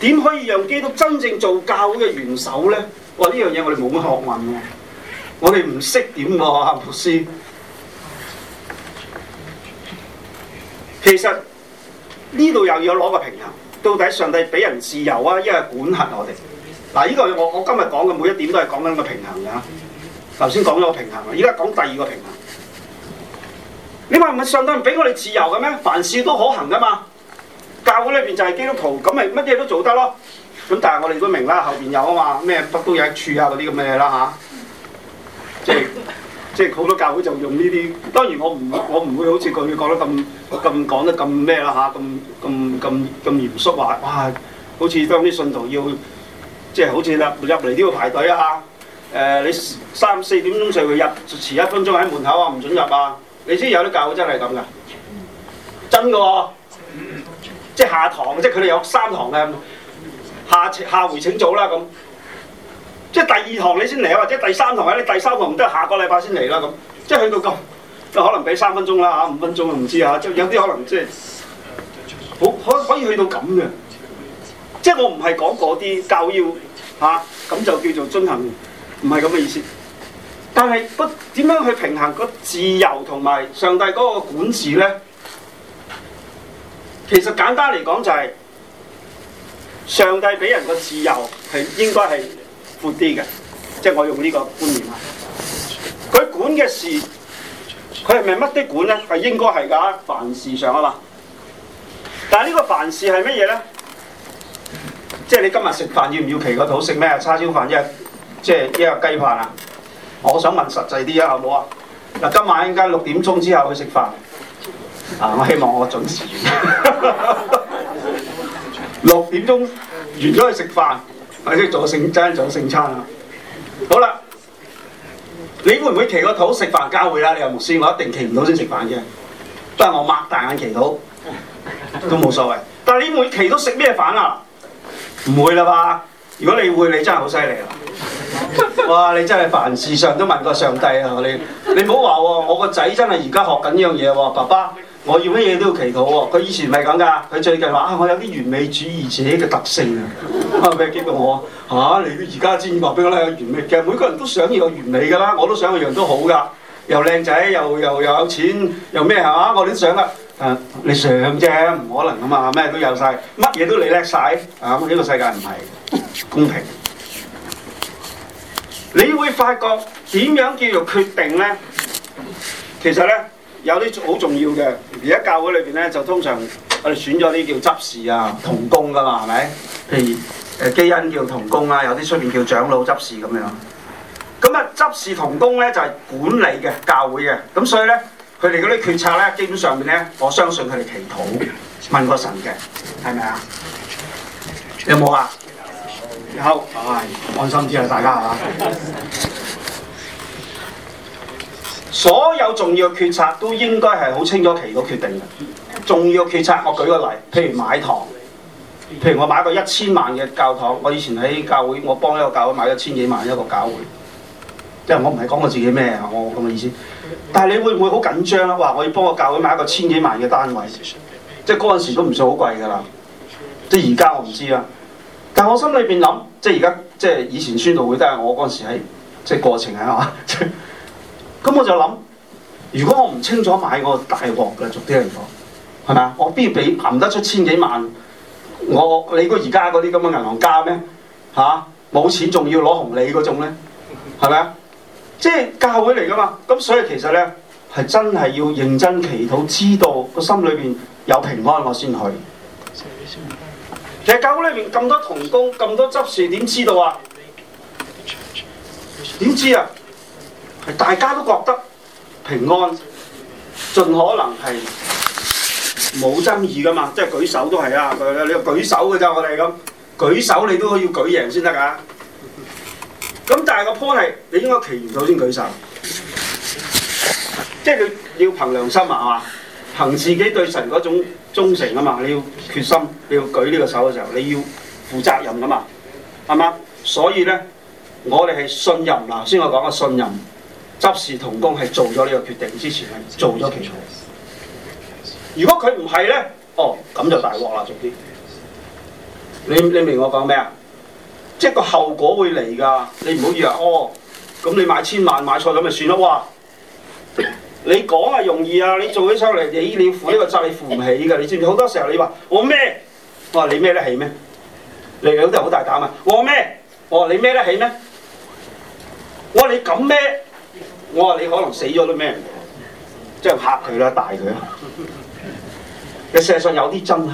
點可以讓基督真正做教會嘅元首呢？話呢樣嘢我哋冇乜學問嘅，我哋唔識點啊，牧師。其實呢度又要攞個平衡，到底上帝俾人自由啊，一係管轄我哋。嗱，呢個我，我今日講嘅每一點都係講緊個平衡嘅。吓，頭先講咗個平衡，依家講第二個平衡。你話唔係上帝俾我哋自由嘅咩？凡事都可行㗎嘛？教會裏邊就係基督徒，咁咪乜嘢都做得咯。咁但係我哋都明啦，後邊有啊嘛，咩北都有一處啊嗰啲咁嘅嘢啦吓，即係即係好多教會就用呢啲。當然我唔我唔會好似佢講得咁咁講得咁咩啦嚇，咁咁咁咁嚴肅話哇！好似當啲信徒要即係好似啦入嚟都要排隊啊。誒、啊，你三四點鐘上去入，遲一分鐘喺門口啊，唔准入啊。你知有啲教會真係咁噶，真噶喎、啊。即係下堂，即係佢哋有三堂嘅，下回請早啦咁。即係第二堂你先嚟或者第三堂啊，你第三堂唔得，下個禮拜先嚟啦咁。即係去到咁，可能畀三分鐘啦，嚇五分鐘唔知啊，即有啲可能即係好可以可以去到咁嘅。即係我唔係講嗰啲教要嚇，咁、啊、就叫做遵行。唔係咁嘅意思。但係不點樣去平衡個自由同埋上帝嗰個管治咧？其實簡單嚟講就係上帝俾人個自由係應該係闊啲嘅，即、就是、我用呢個觀念。佢管嘅事，佢係咪乜都管呢？係應該係㗎，凡事上啊嘛。但係呢個凡事係乜嘢呢？即你今日食飯要唔要祈個禱？食咩叉燒飯一，即係一個雞飯，我想問實際啲啊，好唔好？今晚應該六點鐘之後去食飯。啊！我希望我準時完， 六點鐘完咗去食飯，或者早聖餐、做聖餐啦。好啦，你會唔會祈個肚食飯教會啦？你又冇先？我一定祈唔到先食飯嘅。都係我擘大眼祈禱，都冇所謂。但係你每祈都食咩飯啊？唔會啦吧？如果你會，你真係好犀利啦！哇！你真係凡事上都問過上帝啊！你你唔好話我個仔真係而家學緊呢樣嘢喎，爸爸。我要乜嘢都要祈禱喎。佢以前唔係咁噶，佢最近話、啊、我有啲完美主義者嘅特性啊。啊，激到我、啊、你而家先話俾我聽，完美其實每個人都想要完美噶啦，我都想個樣都好噶，又靚仔，又有錢，又咩係、啊、我都想啦。誒、啊，你想啫，唔可能噶嘛，咩、啊、都有曬，乜嘢都你叻曬啊？呢、這個世界唔係公平。你會發覺點樣叫做決定呢？其實呢。有啲好重要嘅，而家教會裏邊咧就通常我哋選咗啲叫執事啊、同工噶嘛，係咪？譬如誒基恩叫同工啊，有啲出面叫長老執事咁樣。咁啊，執事同工咧就係、是、管理嘅教會嘅，咁所以咧佢哋嗰啲決策咧，基本上面咧，我相信佢哋祈禱問過神嘅，係咪啊？有冇啊？有，安心啲啊，大家啊！ 所有重要嘅決策都應該係好清楚期個決定嘅。重要嘅決策，我舉個例，譬如買堂，譬如我買個一千萬嘅教堂，我以前喺教會，我幫一個教會買咗千幾萬一個教會。即係我唔係講我自己咩，我咁嘅意思。但係你會唔會好緊張啊？話我要幫個教會買一個千幾萬嘅單位，即係嗰陣時都唔算好貴㗎啦。即係而家我唔知啊。但係我心裏邊諗，即係而家，即係以前宣道會都係我嗰陣時喺，即係過程啊嘛。 咁我就諗，如果我唔清楚買個大鑊嘅，俗啲嚟講，係咪啊？我邊要俾唔得出千幾萬？我你個而家嗰啲咁嘅銀行家咩？嚇、啊，冇錢仲要攞紅利嗰種呢？係咪啊？即係教會嚟㗎嘛？咁所以其實呢，係真係要認真祈禱，知道個心裏面有平安，我先去。其實教會裏邊咁多同工，咁多執事，點知道啊？點知啊？大家都覺得平安，盡可能係冇爭議噶嘛，即係舉手都係啊！佢你要舉手嘅咋，我哋咁舉手，你都要舉贏先得㗎。咁但係個 point 係，你應該祈完禱先舉手，即係你要憑良心啊嘛，憑自己對神嗰種忠誠啊嘛，你要決心，你要舉呢個手嘅時候，你要負責任啊嘛，係嘛？所以呢，我哋係信任啊！先我講嘅信任。急時同工係做咗呢個決定之前，做咗其他，如果佢唔係呢，哦咁就大鑊啦，總之。你明白我講咩啊？即係個後果會嚟㗎。你唔好以為哦，咁你買千萬買錯咁咪算咯。你講係容易啊，你做起出嚟，你你要負呢個責，你負唔起㗎。你知唔知？好多時候你話我孭？我話、哦、你孭得起咩？你有啲人好大膽啊！我話咩？我話、哦、你孭得起咩？我、哦、話你敢孭？我話你可能死咗都咩？即係嚇佢啦，大佢啦。其實世上有啲真係，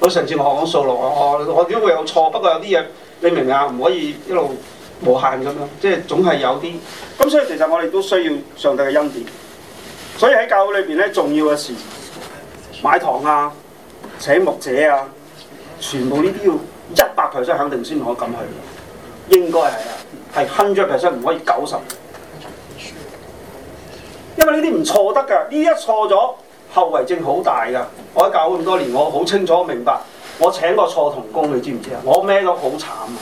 我上次我講數落，我我我點會有錯？不過有啲嘢你明唔明啊？唔可以一路無限咁樣，即係總係有啲。咁、嗯、所以其實我哋都需要上帝嘅恩典。所以喺教會裏邊咧，重要嘅事買堂啊、請牧者啊，全部呢啲要一百 percent 肯定先可以敢去，應該係啊，係 hundred percent 唔可以九十。因為呢啲唔錯得㗎，呢一錯咗後遺症好大㗎。我喺教會咁多年，我好清楚明白。我請個錯同工，你知唔知啊？我孭到好慘啊！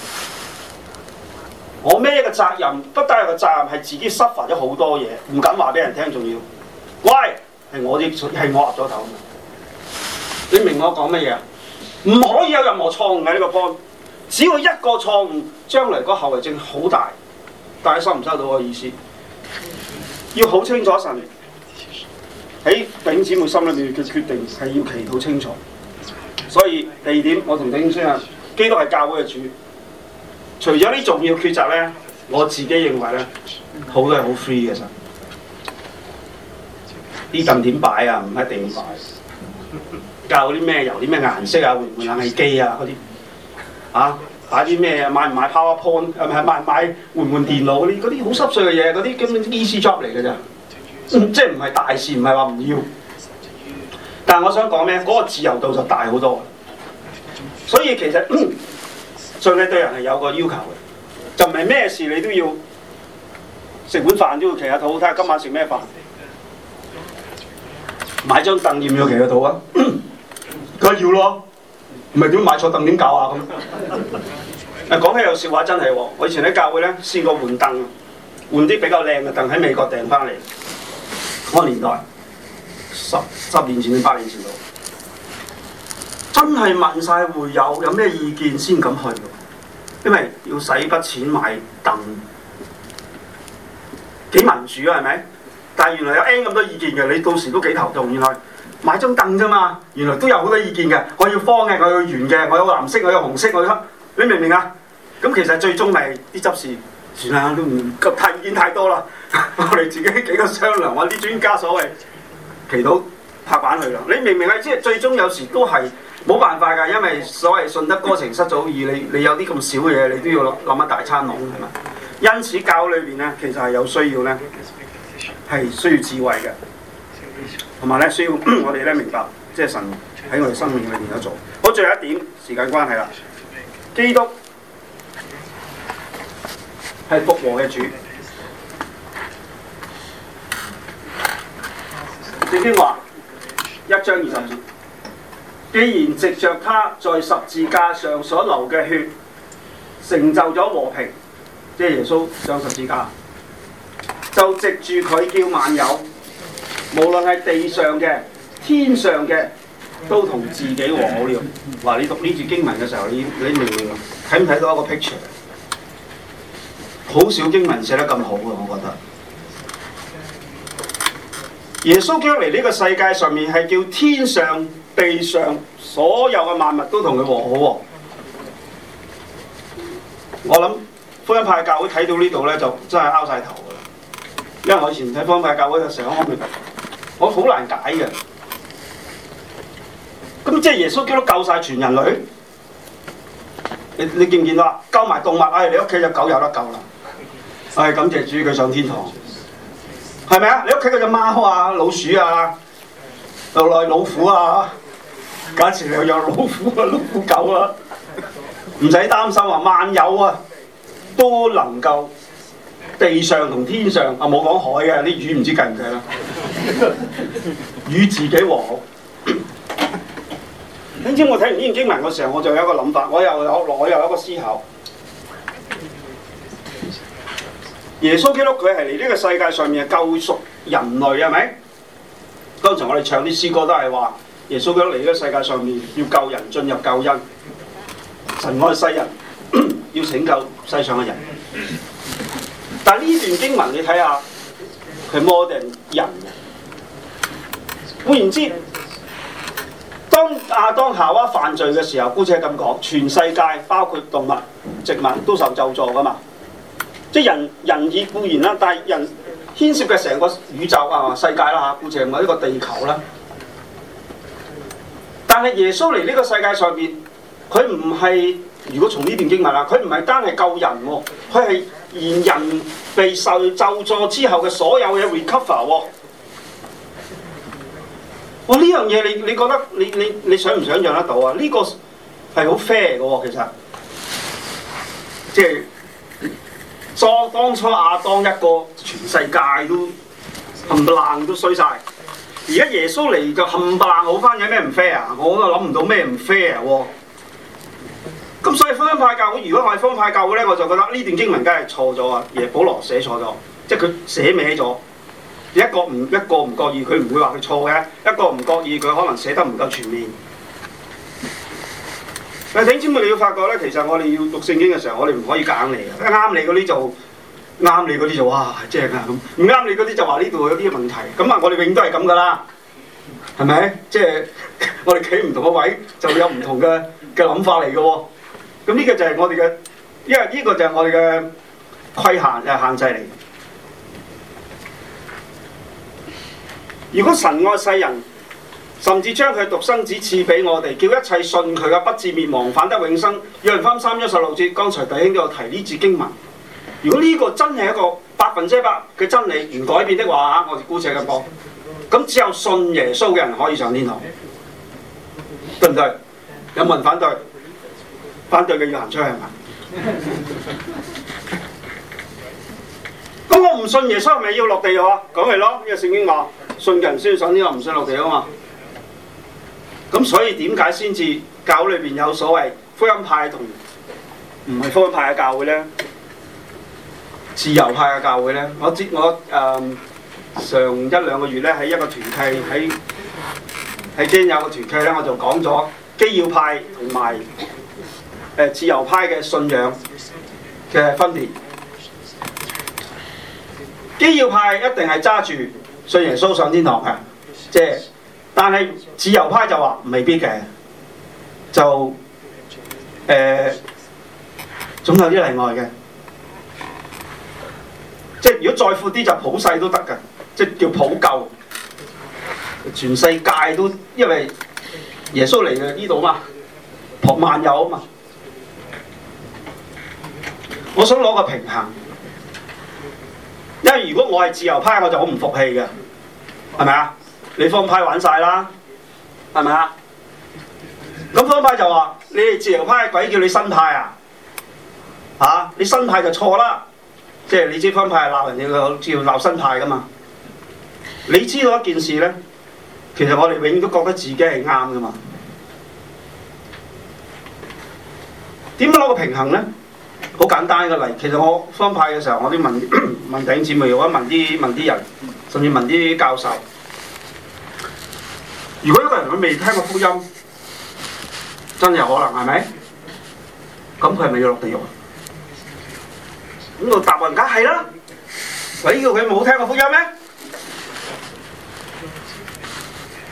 我孭嘅責任不但係個責任，係自己失份咗好多嘢，唔敢話俾人聽，仲要。喂，係我啲係我壓咗頭啊！你明我講乜嘢啊？唔可以有任何錯誤嘅呢個 point，只要一個錯誤，將來個後遺症好大。大家收唔收到我意思？要好清楚神喺弟兄姊妹心裏邊嘅決定係要祈禱清楚，所以第二點我同弟兄商量，基督係教會嘅主。除咗啲重要抉擇咧，我自己認為咧，好多係好 free 嘅神。啲凳點擺啊？唔一定教嗰啲咩油啲咩顏色啊？換換冷氣機啊嗰啲啊？買啲咩啊？買唔買 PowerPoint？誒，係買買換換電腦嗰啲嗰啲好濕碎嘅嘢，嗰啲根本 easy job 嚟嘅咋？即唔係大事，唔係話唔要。但我想講咩？嗰、嗰個自由度就大好多。所以其實，上帝對人係有個要求嘅，就唔係咩事你都要食碗飯都要祈下禱，睇下今晚食咩飯。買張凳要唔要祈下禱啊？梗係要咯。唔係點買錯凳點搞啊咁？誒，講起有笑話，真係喎！我以前喺教會咧，試過換凳，換啲比較靚嘅凳喺美國訂翻嚟，嗰個年代十十年前定八年前度，真係問晒會友有咩意見先敢去，因為要使筆錢買凳，幾民主啊係咪？但係原來有 N 咁多意見嘅，你到時都幾頭痛，原來。買張凳啫嘛，原來都有好多意見嘅。我要方嘅，我要圓嘅，我要藍色，我要紅色，我要黑，你明唔明啊？咁其實最終咪啲執事算啦，都唔太意見太多啦。 我哋自己幾個商量，揾啲專家所謂祈禱拍板去啦。你明唔明啊？即係最終有時都係冇辦法㗎，因為所謂順得哥情失嫂意，你你有啲咁少嘅嘢，你都要諗一大餐籠係嘛。因此教裏邊咧，其實係有需要咧，係需要智慧嘅。同埋咧，需要我哋咧明白，即係神喺我哋生命裏面所做。好，最後一點，時間關係啦。基督係復和嘅主。聖經話一章二十節，既然藉着他在十字架上所流嘅血成就咗和平，即係耶穌上十字架，就藉住佢叫萬有。無論係地上嘅、天上嘅，都同自己和好啲。嗱，你讀呢段經文嘅時候，你你明唔明睇唔睇到一個 picture？好少經文寫得咁好嘅，我覺得。耶穌基督嚟呢個世界上面係叫天上、地上所有嘅萬物都同佢和好。我諗福音派教會睇到這裏呢度咧，就真係拗曬頭啦。因為我以前睇福音派嘅教會就成日講明。我好難解嘅，咁即係耶穌基督救晒全人類。你你見唔見到？救埋動物，哎，你屋企隻狗有得救啦，哎，感謝主佢上天堂，係咪啊？你屋企嗰隻貓啊、老鼠啊，又來、啊、老虎啊，假設你養老虎啊、老虎狗啊，唔 使擔心啊，萬有啊，都能夠。地上同天上啊，冇講海嘅啲魚唔知計唔計啦。魚 自己和好。點知 我睇完呢段經文嘅時候，我就有一個諗法，我又有我又有一個思考。 耶穌基督佢係嚟呢個世界上面嘅救贖人類，係咪？當時我哋唱啲詩歌都係話，耶穌基督嚟呢個世界上面要救人，進入救恩。神愛世人， 要拯救世上嘅人，人。但呢段經文你睇下，佢摩定人固然之，當亞當夏娃犯罪嘅時候，姑且係咁講，全世界包括動物、植物都受咒詛噶嘛。即係人，人以固然啦，但係人牽涉嘅成個宇宙啊、世界啦，姑且唔係一個地球啦。但係耶穌嚟呢個世界上邊，佢唔係，如果從呢段經文啊，佢唔係單係救人喎，佢係。而人被受救助之後嘅所有嘢 recover 呢樣嘢，你你覺得你你你，你想唔想像得到啊？呢、這個係好 fair 嘅喎、哦，其實即、就、係、是、當初亞當一個全世界都冚唪唥都衰晒。而家耶穌嚟就冚唪唥好翻嘅咩唔 fair 啊？我都諗唔到咩唔 fair 咁所以方派教會，如果我係方派教會呢，我就覺得呢段經文梗係錯咗啊！耶保羅寫錯咗，即係佢寫歪咗。一個唔一個唔覺意，佢唔會話佢錯嘅。一個唔覺意，佢可能寫得唔夠全面。但係整姊妹要發覺咧，其實我哋要讀聖經嘅時候，我哋唔可以夾硬嚟啊！啱你嗰啲，就啱你嗰啲，就哇正啊咁，唔啱你嗰啲就話呢度有啲問題。咁啊，我哋永遠都係咁㗎啦，係咪？即係我哋企唔同嘅位，就會、是、有唔同嘅嘅諗法嚟嘅喎。咁呢個就係我哋嘅因為呢個就係我哋嘅規限，就限制嚟。如果神愛世人，甚至將佢獨生子賜俾我哋，叫一切信佢嘅不至滅亡，反得永生。約翰三一十六節，剛才弟兄都有提呢節經文。如果呢個真係一個百分之一百嘅真理，唔改變的話，我哋姑且咁講。咁只有信耶穌嘅人可以上天堂，對唔對？有冇人反對？反對嘅要行出去係嘛？咁 我唔信耶穌，咪要落地喎？講嚟咯，呢個聖經話信人先信呢個，唔信落地啊嘛。咁所以點解先至教裏邊有所謂福音派同唔係福音派嘅教會咧？自由派嘅教會咧？我接我誒、呃、上一兩個月咧喺一個團契喺喺基恩有個團契咧，我就講咗基要派同埋。誒，自由派嘅信仰嘅分別，基要派一定係揸住信耶穌上天堂嘅，即係，但係自由派就話未必嘅，就誒、呃、總有啲例外嘅，即係如果再闊啲就普世都得嘅，即係叫普救，全世界都因為耶穌嚟嘅呢度嘛，普萬有啊嘛。我想攞個平衡，因為如果我係自由派，我就好唔服氣嘅，係咪啊？你方派玩曬啦，係咪啊？咁方派就話：你哋自由派，鬼叫你新派啊？啊？你新派就錯啦，即係你知方派鬧人哋嘅叫鬧新派噶嘛？你知道一件事咧，其實我哋永遠都覺得自己係啱噶嘛？點樣攞個平衡呢？好簡單嘅例，其實我分派嘅時候，我都問問弟兄姊妹，我一問啲問啲人，甚至問啲教授，如果一個人佢未聽過福音，真有可能係咪？咁佢係咪要落地獄？咁個答案梗係啦，鬼叫佢冇聽過福音咩？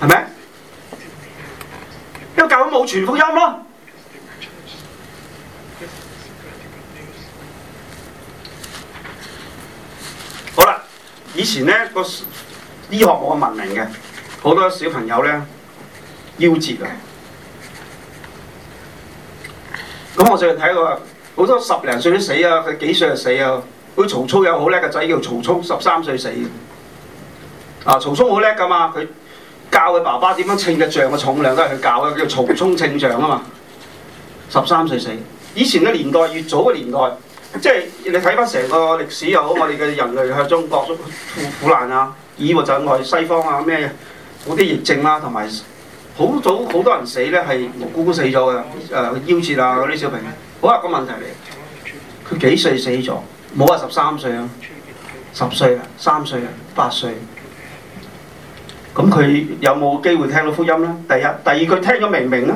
係咪？因為教會冇傳福音咯。以前呢個醫學冇咁文明嘅，好多小朋友呢夭折啊！咁我最近睇過，好多十零歲都死啊，佢幾歲就死啊？嗰曹操有好叻個仔叫曹沖，十三歲死的。啊，曹沖好叻㗎嘛，佢教佢爸爸點樣稱嘅象嘅重量都係佢教嘅，叫曹沖稱象啊嘛。十三歲死的。以前嘅年代越早嘅年代。即係你睇翻成個歷史又好，我哋嘅人類向中國苦苦難啊，以或者外西方啊咩，嗰啲疫症啦，同埋好早好多人死呢係無辜死咗嘅，誒夭折啊嗰啲小朋友。好啊，個問題嚟，佢幾歲死咗？冇話十三歲啊，十歲啊，三歲啊，八歲。咁佢有冇機會聽到福音呢？第一，第二佢聽咗明唔明咧？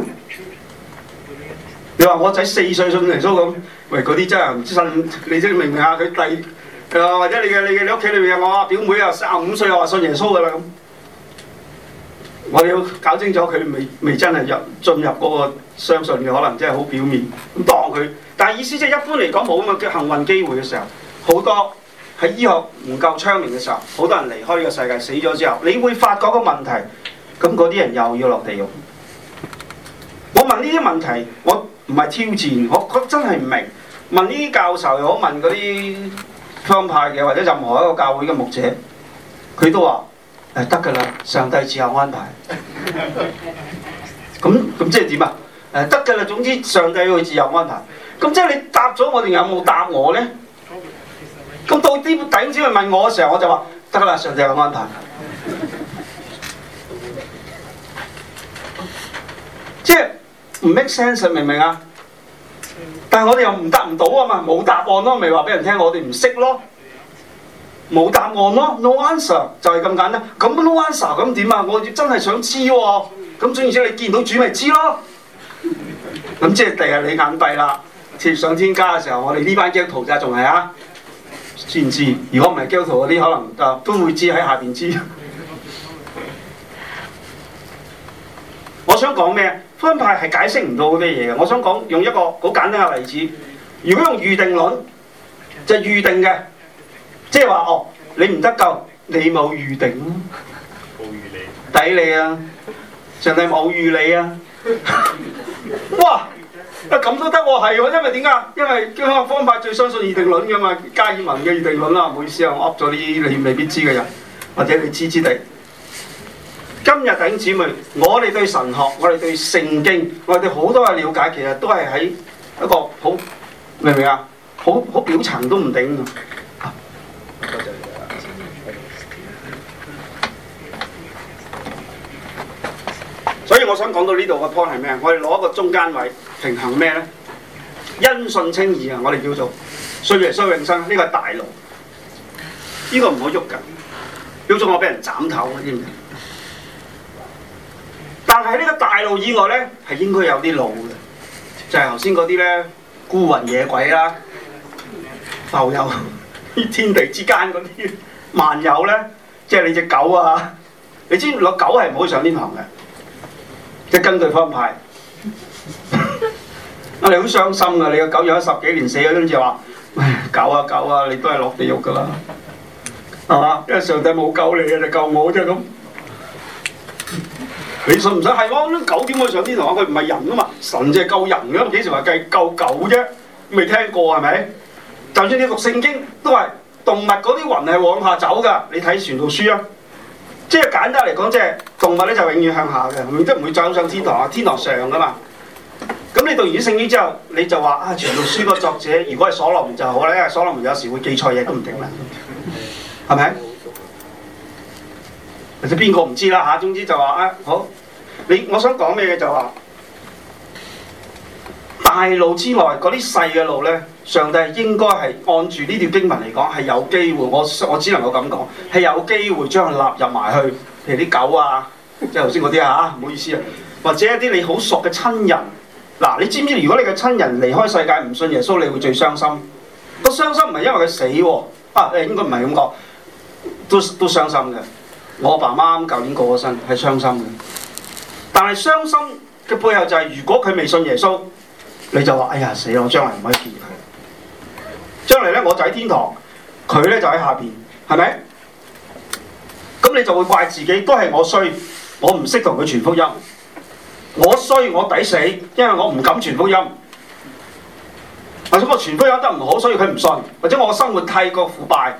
你話我仔四歲信耶穌咁？喂，嗰啲真係唔知信，你知你明唔明啊？佢第、呃、或者你嘅你你屋企裏邊啊，我表妹啊，三十五歲啊，話信耶穌噶啦咁。我要搞清楚佢未未真係入進入嗰個相信嘅，可能真係好表面咁當佢。但係意思即係一般嚟講冇咁嘅幸運機會嘅時候，好多喺醫學唔夠昌明嘅時候，好多人離開呢個世界死咗之後，你會發覺嗰個問題，咁嗰啲人又要落地獄。我問呢啲問題，我唔係挑戰，我，我真係唔明。問呢啲教授又好，問嗰啲方派嘅或者任何一個教會嘅牧者，佢都話得㗎喇，上帝自有安排。咁 咁即係點啊？得㗎喇，總之上帝會自有安排。咁即係你答咗我定有冇答我呢？咁到啲頂尖去問我嘅時候，我就話得啦，上帝有安排。 即係唔 make sense，明唔明啊？但係我哋又唔得唔到啊嘛，冇答案咯，咪話俾人聽我哋唔識咯，冇答案咯，no answer 就係咁簡單，咁 no answer 咁點啊？我真係想知喎，咁所以即係你見到主咪知咯，咁即係第二日你眼閉啦，貼上天家嘅時候，我哋呢班基督徒咋仲係知先知道，如果唔係基督徒嗰啲，可能都會知喺下面知道。我想講咩？分派係解釋唔到嗰啲嘢嘅。我想講用一個好簡單嘅例子，如果用預定論，就是、預定嘅，即係話哦，你唔得救，你冇預定咯。冇預你抵你啊！仲係冇預你啊！ 哇！啊咁都得喎，係喎，因為點解？因為分派最相信預定論嘅嘛，加爾文嘅預定論啦。唔好意思、啊、我噏咗啲你未必知嘅人，或者你知知地。今日弟兄姊妹，我哋對神學，我哋對聖經，我哋好多嘅了解，其實都係喺一個好明唔明啊？好好表層都唔定啊！所以我想講到呢度嘅 point 係咩？我哋攞一個中間位平衡咩呢？因信稱義啊！我哋叫做衰弱衰永生呢、這個是大路，呢、這個唔好喐噶，喐咗我俾人斬頭啊！知唔知？但係呢個大路以外呢，係應該有啲路嘅，就係頭先嗰啲咧，孤魂野鬼啦、啊，浮游天地之間嗰啲萬有咧，即係你隻狗啊！你知唔知道狗係唔可以上天堂嘅？即、就、係、是、根據安排，我哋好傷心啊，你個狗養咗十幾年死咗，跟住話狗啊狗啊，你都係落地獄㗎啦，係嘛？因為上帝冇救你啊，就救我啫。你信唔信係我？啲狗點解上天堂？佢唔係人啊嘛，神就係救人噶幾時話計救狗啫？未聽過係咪？就算你讀聖經都係動物嗰啲魂係往下走噶你睇《傳道書》啊，即係簡單嚟講，即係動物咧就永遠向下嘅，唔即係唔會走上天堂，天堂上噶嘛。咁你讀完啲聖經之後，你就話《傳道書》個作者如果係所羅門就好咧，因為所羅門有時會記錯嘢都唔定啦，係咪？或者邊個唔知啦吓、啊，總之就話你我想講咩嘅就話，是，大路之外嗰啲細嘅路咧，上帝應該係按住呢條經文嚟講係有機會，我我只能夠咁講係有機會將佢納入埋去，譬如啲狗啊，即係頭先嗰啲嚇，啊，唔好意思啊，或者一啲你好熟嘅親人，嗱你知唔知？如果你嘅親人離開世界唔信耶穌，你會最傷心。個傷心唔係因為佢死喎，啊你應該唔係咁講，都都傷心嘅。我爸媽啱啱舊年過咗身，係傷心嘅。但係傷心嘅背後就係，如果佢未信耶穌，你就話：哎呀死啦！我將來唔可以見佢。將來呢，我就喺天堂，佢呢就喺下面，係咪？咁你就會怪自己，都係我衰，我唔識同佢傳福音，我衰我抵死，因為我唔敢傳福音。或者我傳福音得唔好，所以佢唔信；或者我生活太過腐敗，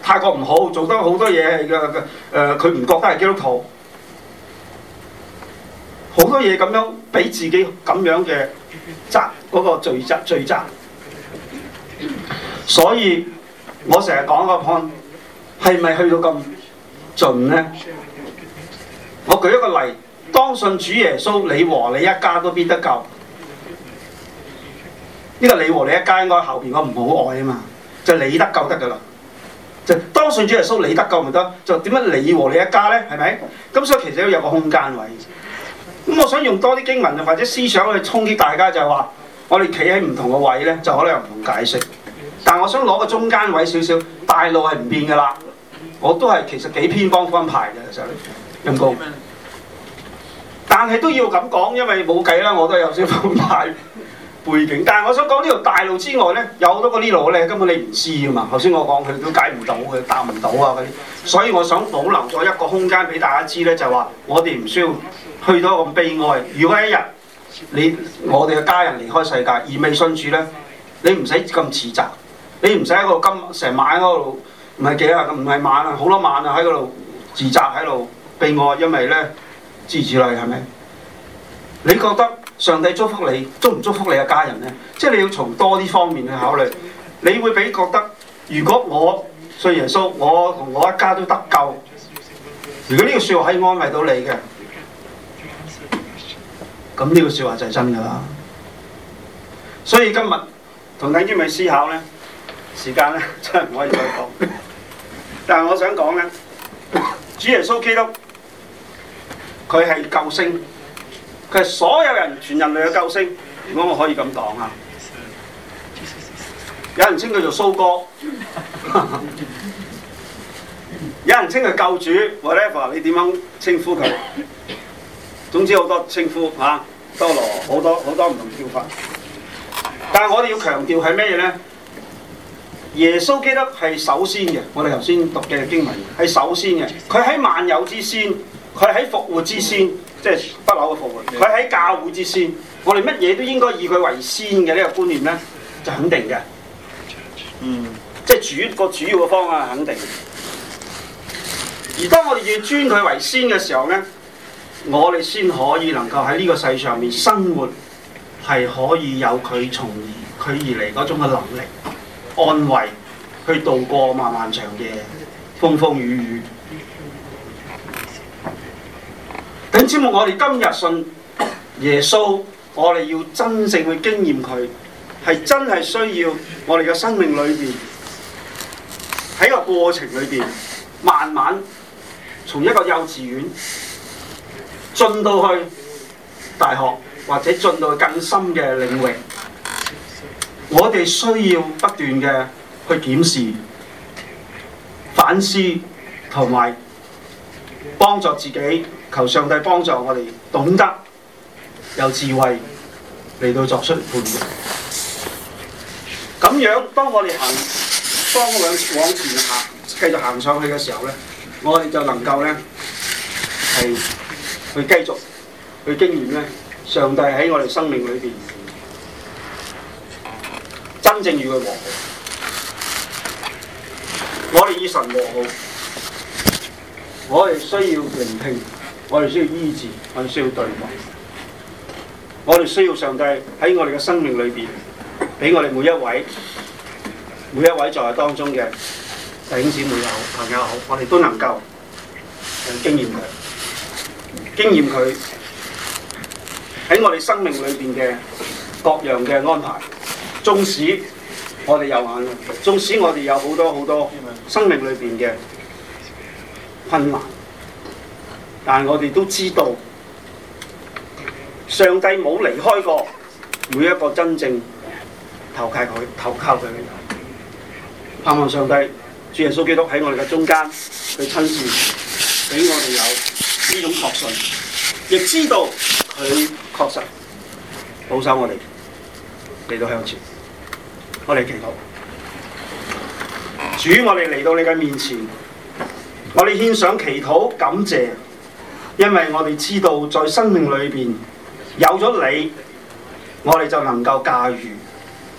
太過唔好，做得好多嘢嘅嘅，誒佢唔覺得係基督徒。好多嘢咁樣俾自己咁樣嘅責，嗰個罪責罪責，所以我成日講一個 point，係咪去到咁盡呢？我舉一個例，當信主耶穌，你和你一家都必得救。呢個你和你一家應該後邊我唔好愛啊嘛，就你得救得㗎喇，就當信主耶穌你得救咪得？就點解你和你一家咧？係咪？咁所以其實都有個空間位。咁我想用多啲經文或者思想去衝擊大家，就係話我哋企喺唔同嘅位呢，就可能有唔同解釋。但係我想攞個中間位少少，大路係唔變噶啦。我都係其實幾偏幫分派嘅，其實，陰功，但係都要咁講，因為冇計啦，我都有少分派。背景，但係我想講呢條大路之外呢，有好多個呢路呢，根本你唔知啊嘛。頭先我講佢都解唔到嘅，答唔到啊嗰啲，所以我想保留咗一個空間俾大家知呢，就話我哋唔需要去到咁悲哀。如果一日你我哋嘅家人離開世界，而未信主呢，你唔使咁自責，你唔使喺個今成晚喺嗰度，唔係幾啊，唔係晚啊，好多晚啊喺嗰度自責喺度悲哀，因為咧諸如此類係咪？你覺得？上帝祝福你，祝唔祝福你嘅家人呢？即係你要從多啲方面去考慮。你會俾覺得，如果我信耶穌，我同我一家都得救。如果呢句説話可以安慰到你嘅，咁呢句説話就係真㗎啦。所以今日同弟兄咪思考呢時間呢，真係唔可以再講。但係我想講呢，主耶穌基督，佢係救星。佢係所有人全人類嘅救星，點解我可以咁講啊？有人稱佢做蘇哥， 有人稱佢救主，whatever 你點樣稱呼佢？總之好多稱呼多羅好多好多唔同叫法。但係我哋要強調係咩嘢呢？耶穌基督係首先嘅，我哋頭先讀嘅經文係首先嘅，佢喺萬有之先，佢喺復活之先。即係不朽嘅復活，佢喺教會之先，我哋乜嘢都應該以佢為先嘅呢、這個觀念咧，就肯定嘅。嗯，即係主個主要嘅方向係肯定。而當我哋要尊佢為先嘅時候咧，我哋先可以能夠喺呢個世上面生活，係可以有佢從而佢而嚟嗰種嘅能力安慰，去度過漫漫長嘅風風雨雨。知我哋今日信耶穌，我哋要真正去經驗佢，係真係需要我哋嘅生命裏邊，喺個過程裏邊，慢慢從一個幼稚園進到去大學，或者進到更深嘅領域，我哋需要不斷嘅去檢視、反思同埋幫助自己。求上帝幫助我哋懂得由智慧嚟到作出判決。咁樣當我哋行，當往前行，繼續行上去嘅時候咧，我哋就能夠咧係去繼續去經驗咧，上帝喺我哋生命裏面真正與佢和好。我哋以神和好，我哋需要聆聽。我哋需要醫治，我哋需要對話。我哋需要上帝喺我哋嘅生命裏邊，俾我哋每一位、每一位在位當中嘅弟兄姊妹、也好，朋友，也好，我哋都能夠，經驗佢，經驗佢喺我哋生命裏邊嘅各樣嘅安排。縱使我哋有眼淚，縱使我哋有好多好多生命裏邊嘅困難。但我哋都知道，上帝冇離開過每一個真正投靠佢、投靠佢嘅人。盼望上帝主耶穌基督喺我哋嘅中間，去親自，俾我哋有呢種確信。亦知道佢確實保守我哋嚟到向前。我哋祈禱，主，我哋嚟到你嘅面前，我哋獻上祈禱，感謝。因為我哋知道，在生命裏面，有咗你，我哋就能夠駕馭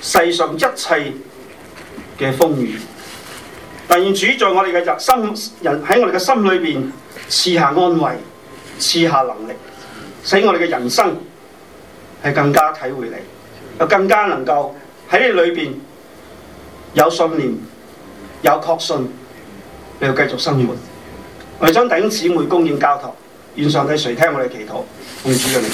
世上一切嘅風雨。但願主在我哋嘅心、人喺我哋嘅心裏面，賜下安慰、賜下能力，使我哋嘅人生係更加體會你，又更加能夠喺你裏面有信念、有確信，你要繼續生活。我哋將弟兄姊妹供應交託。願上帝垂聽我們的，我哋祈禱，奉主嘅名。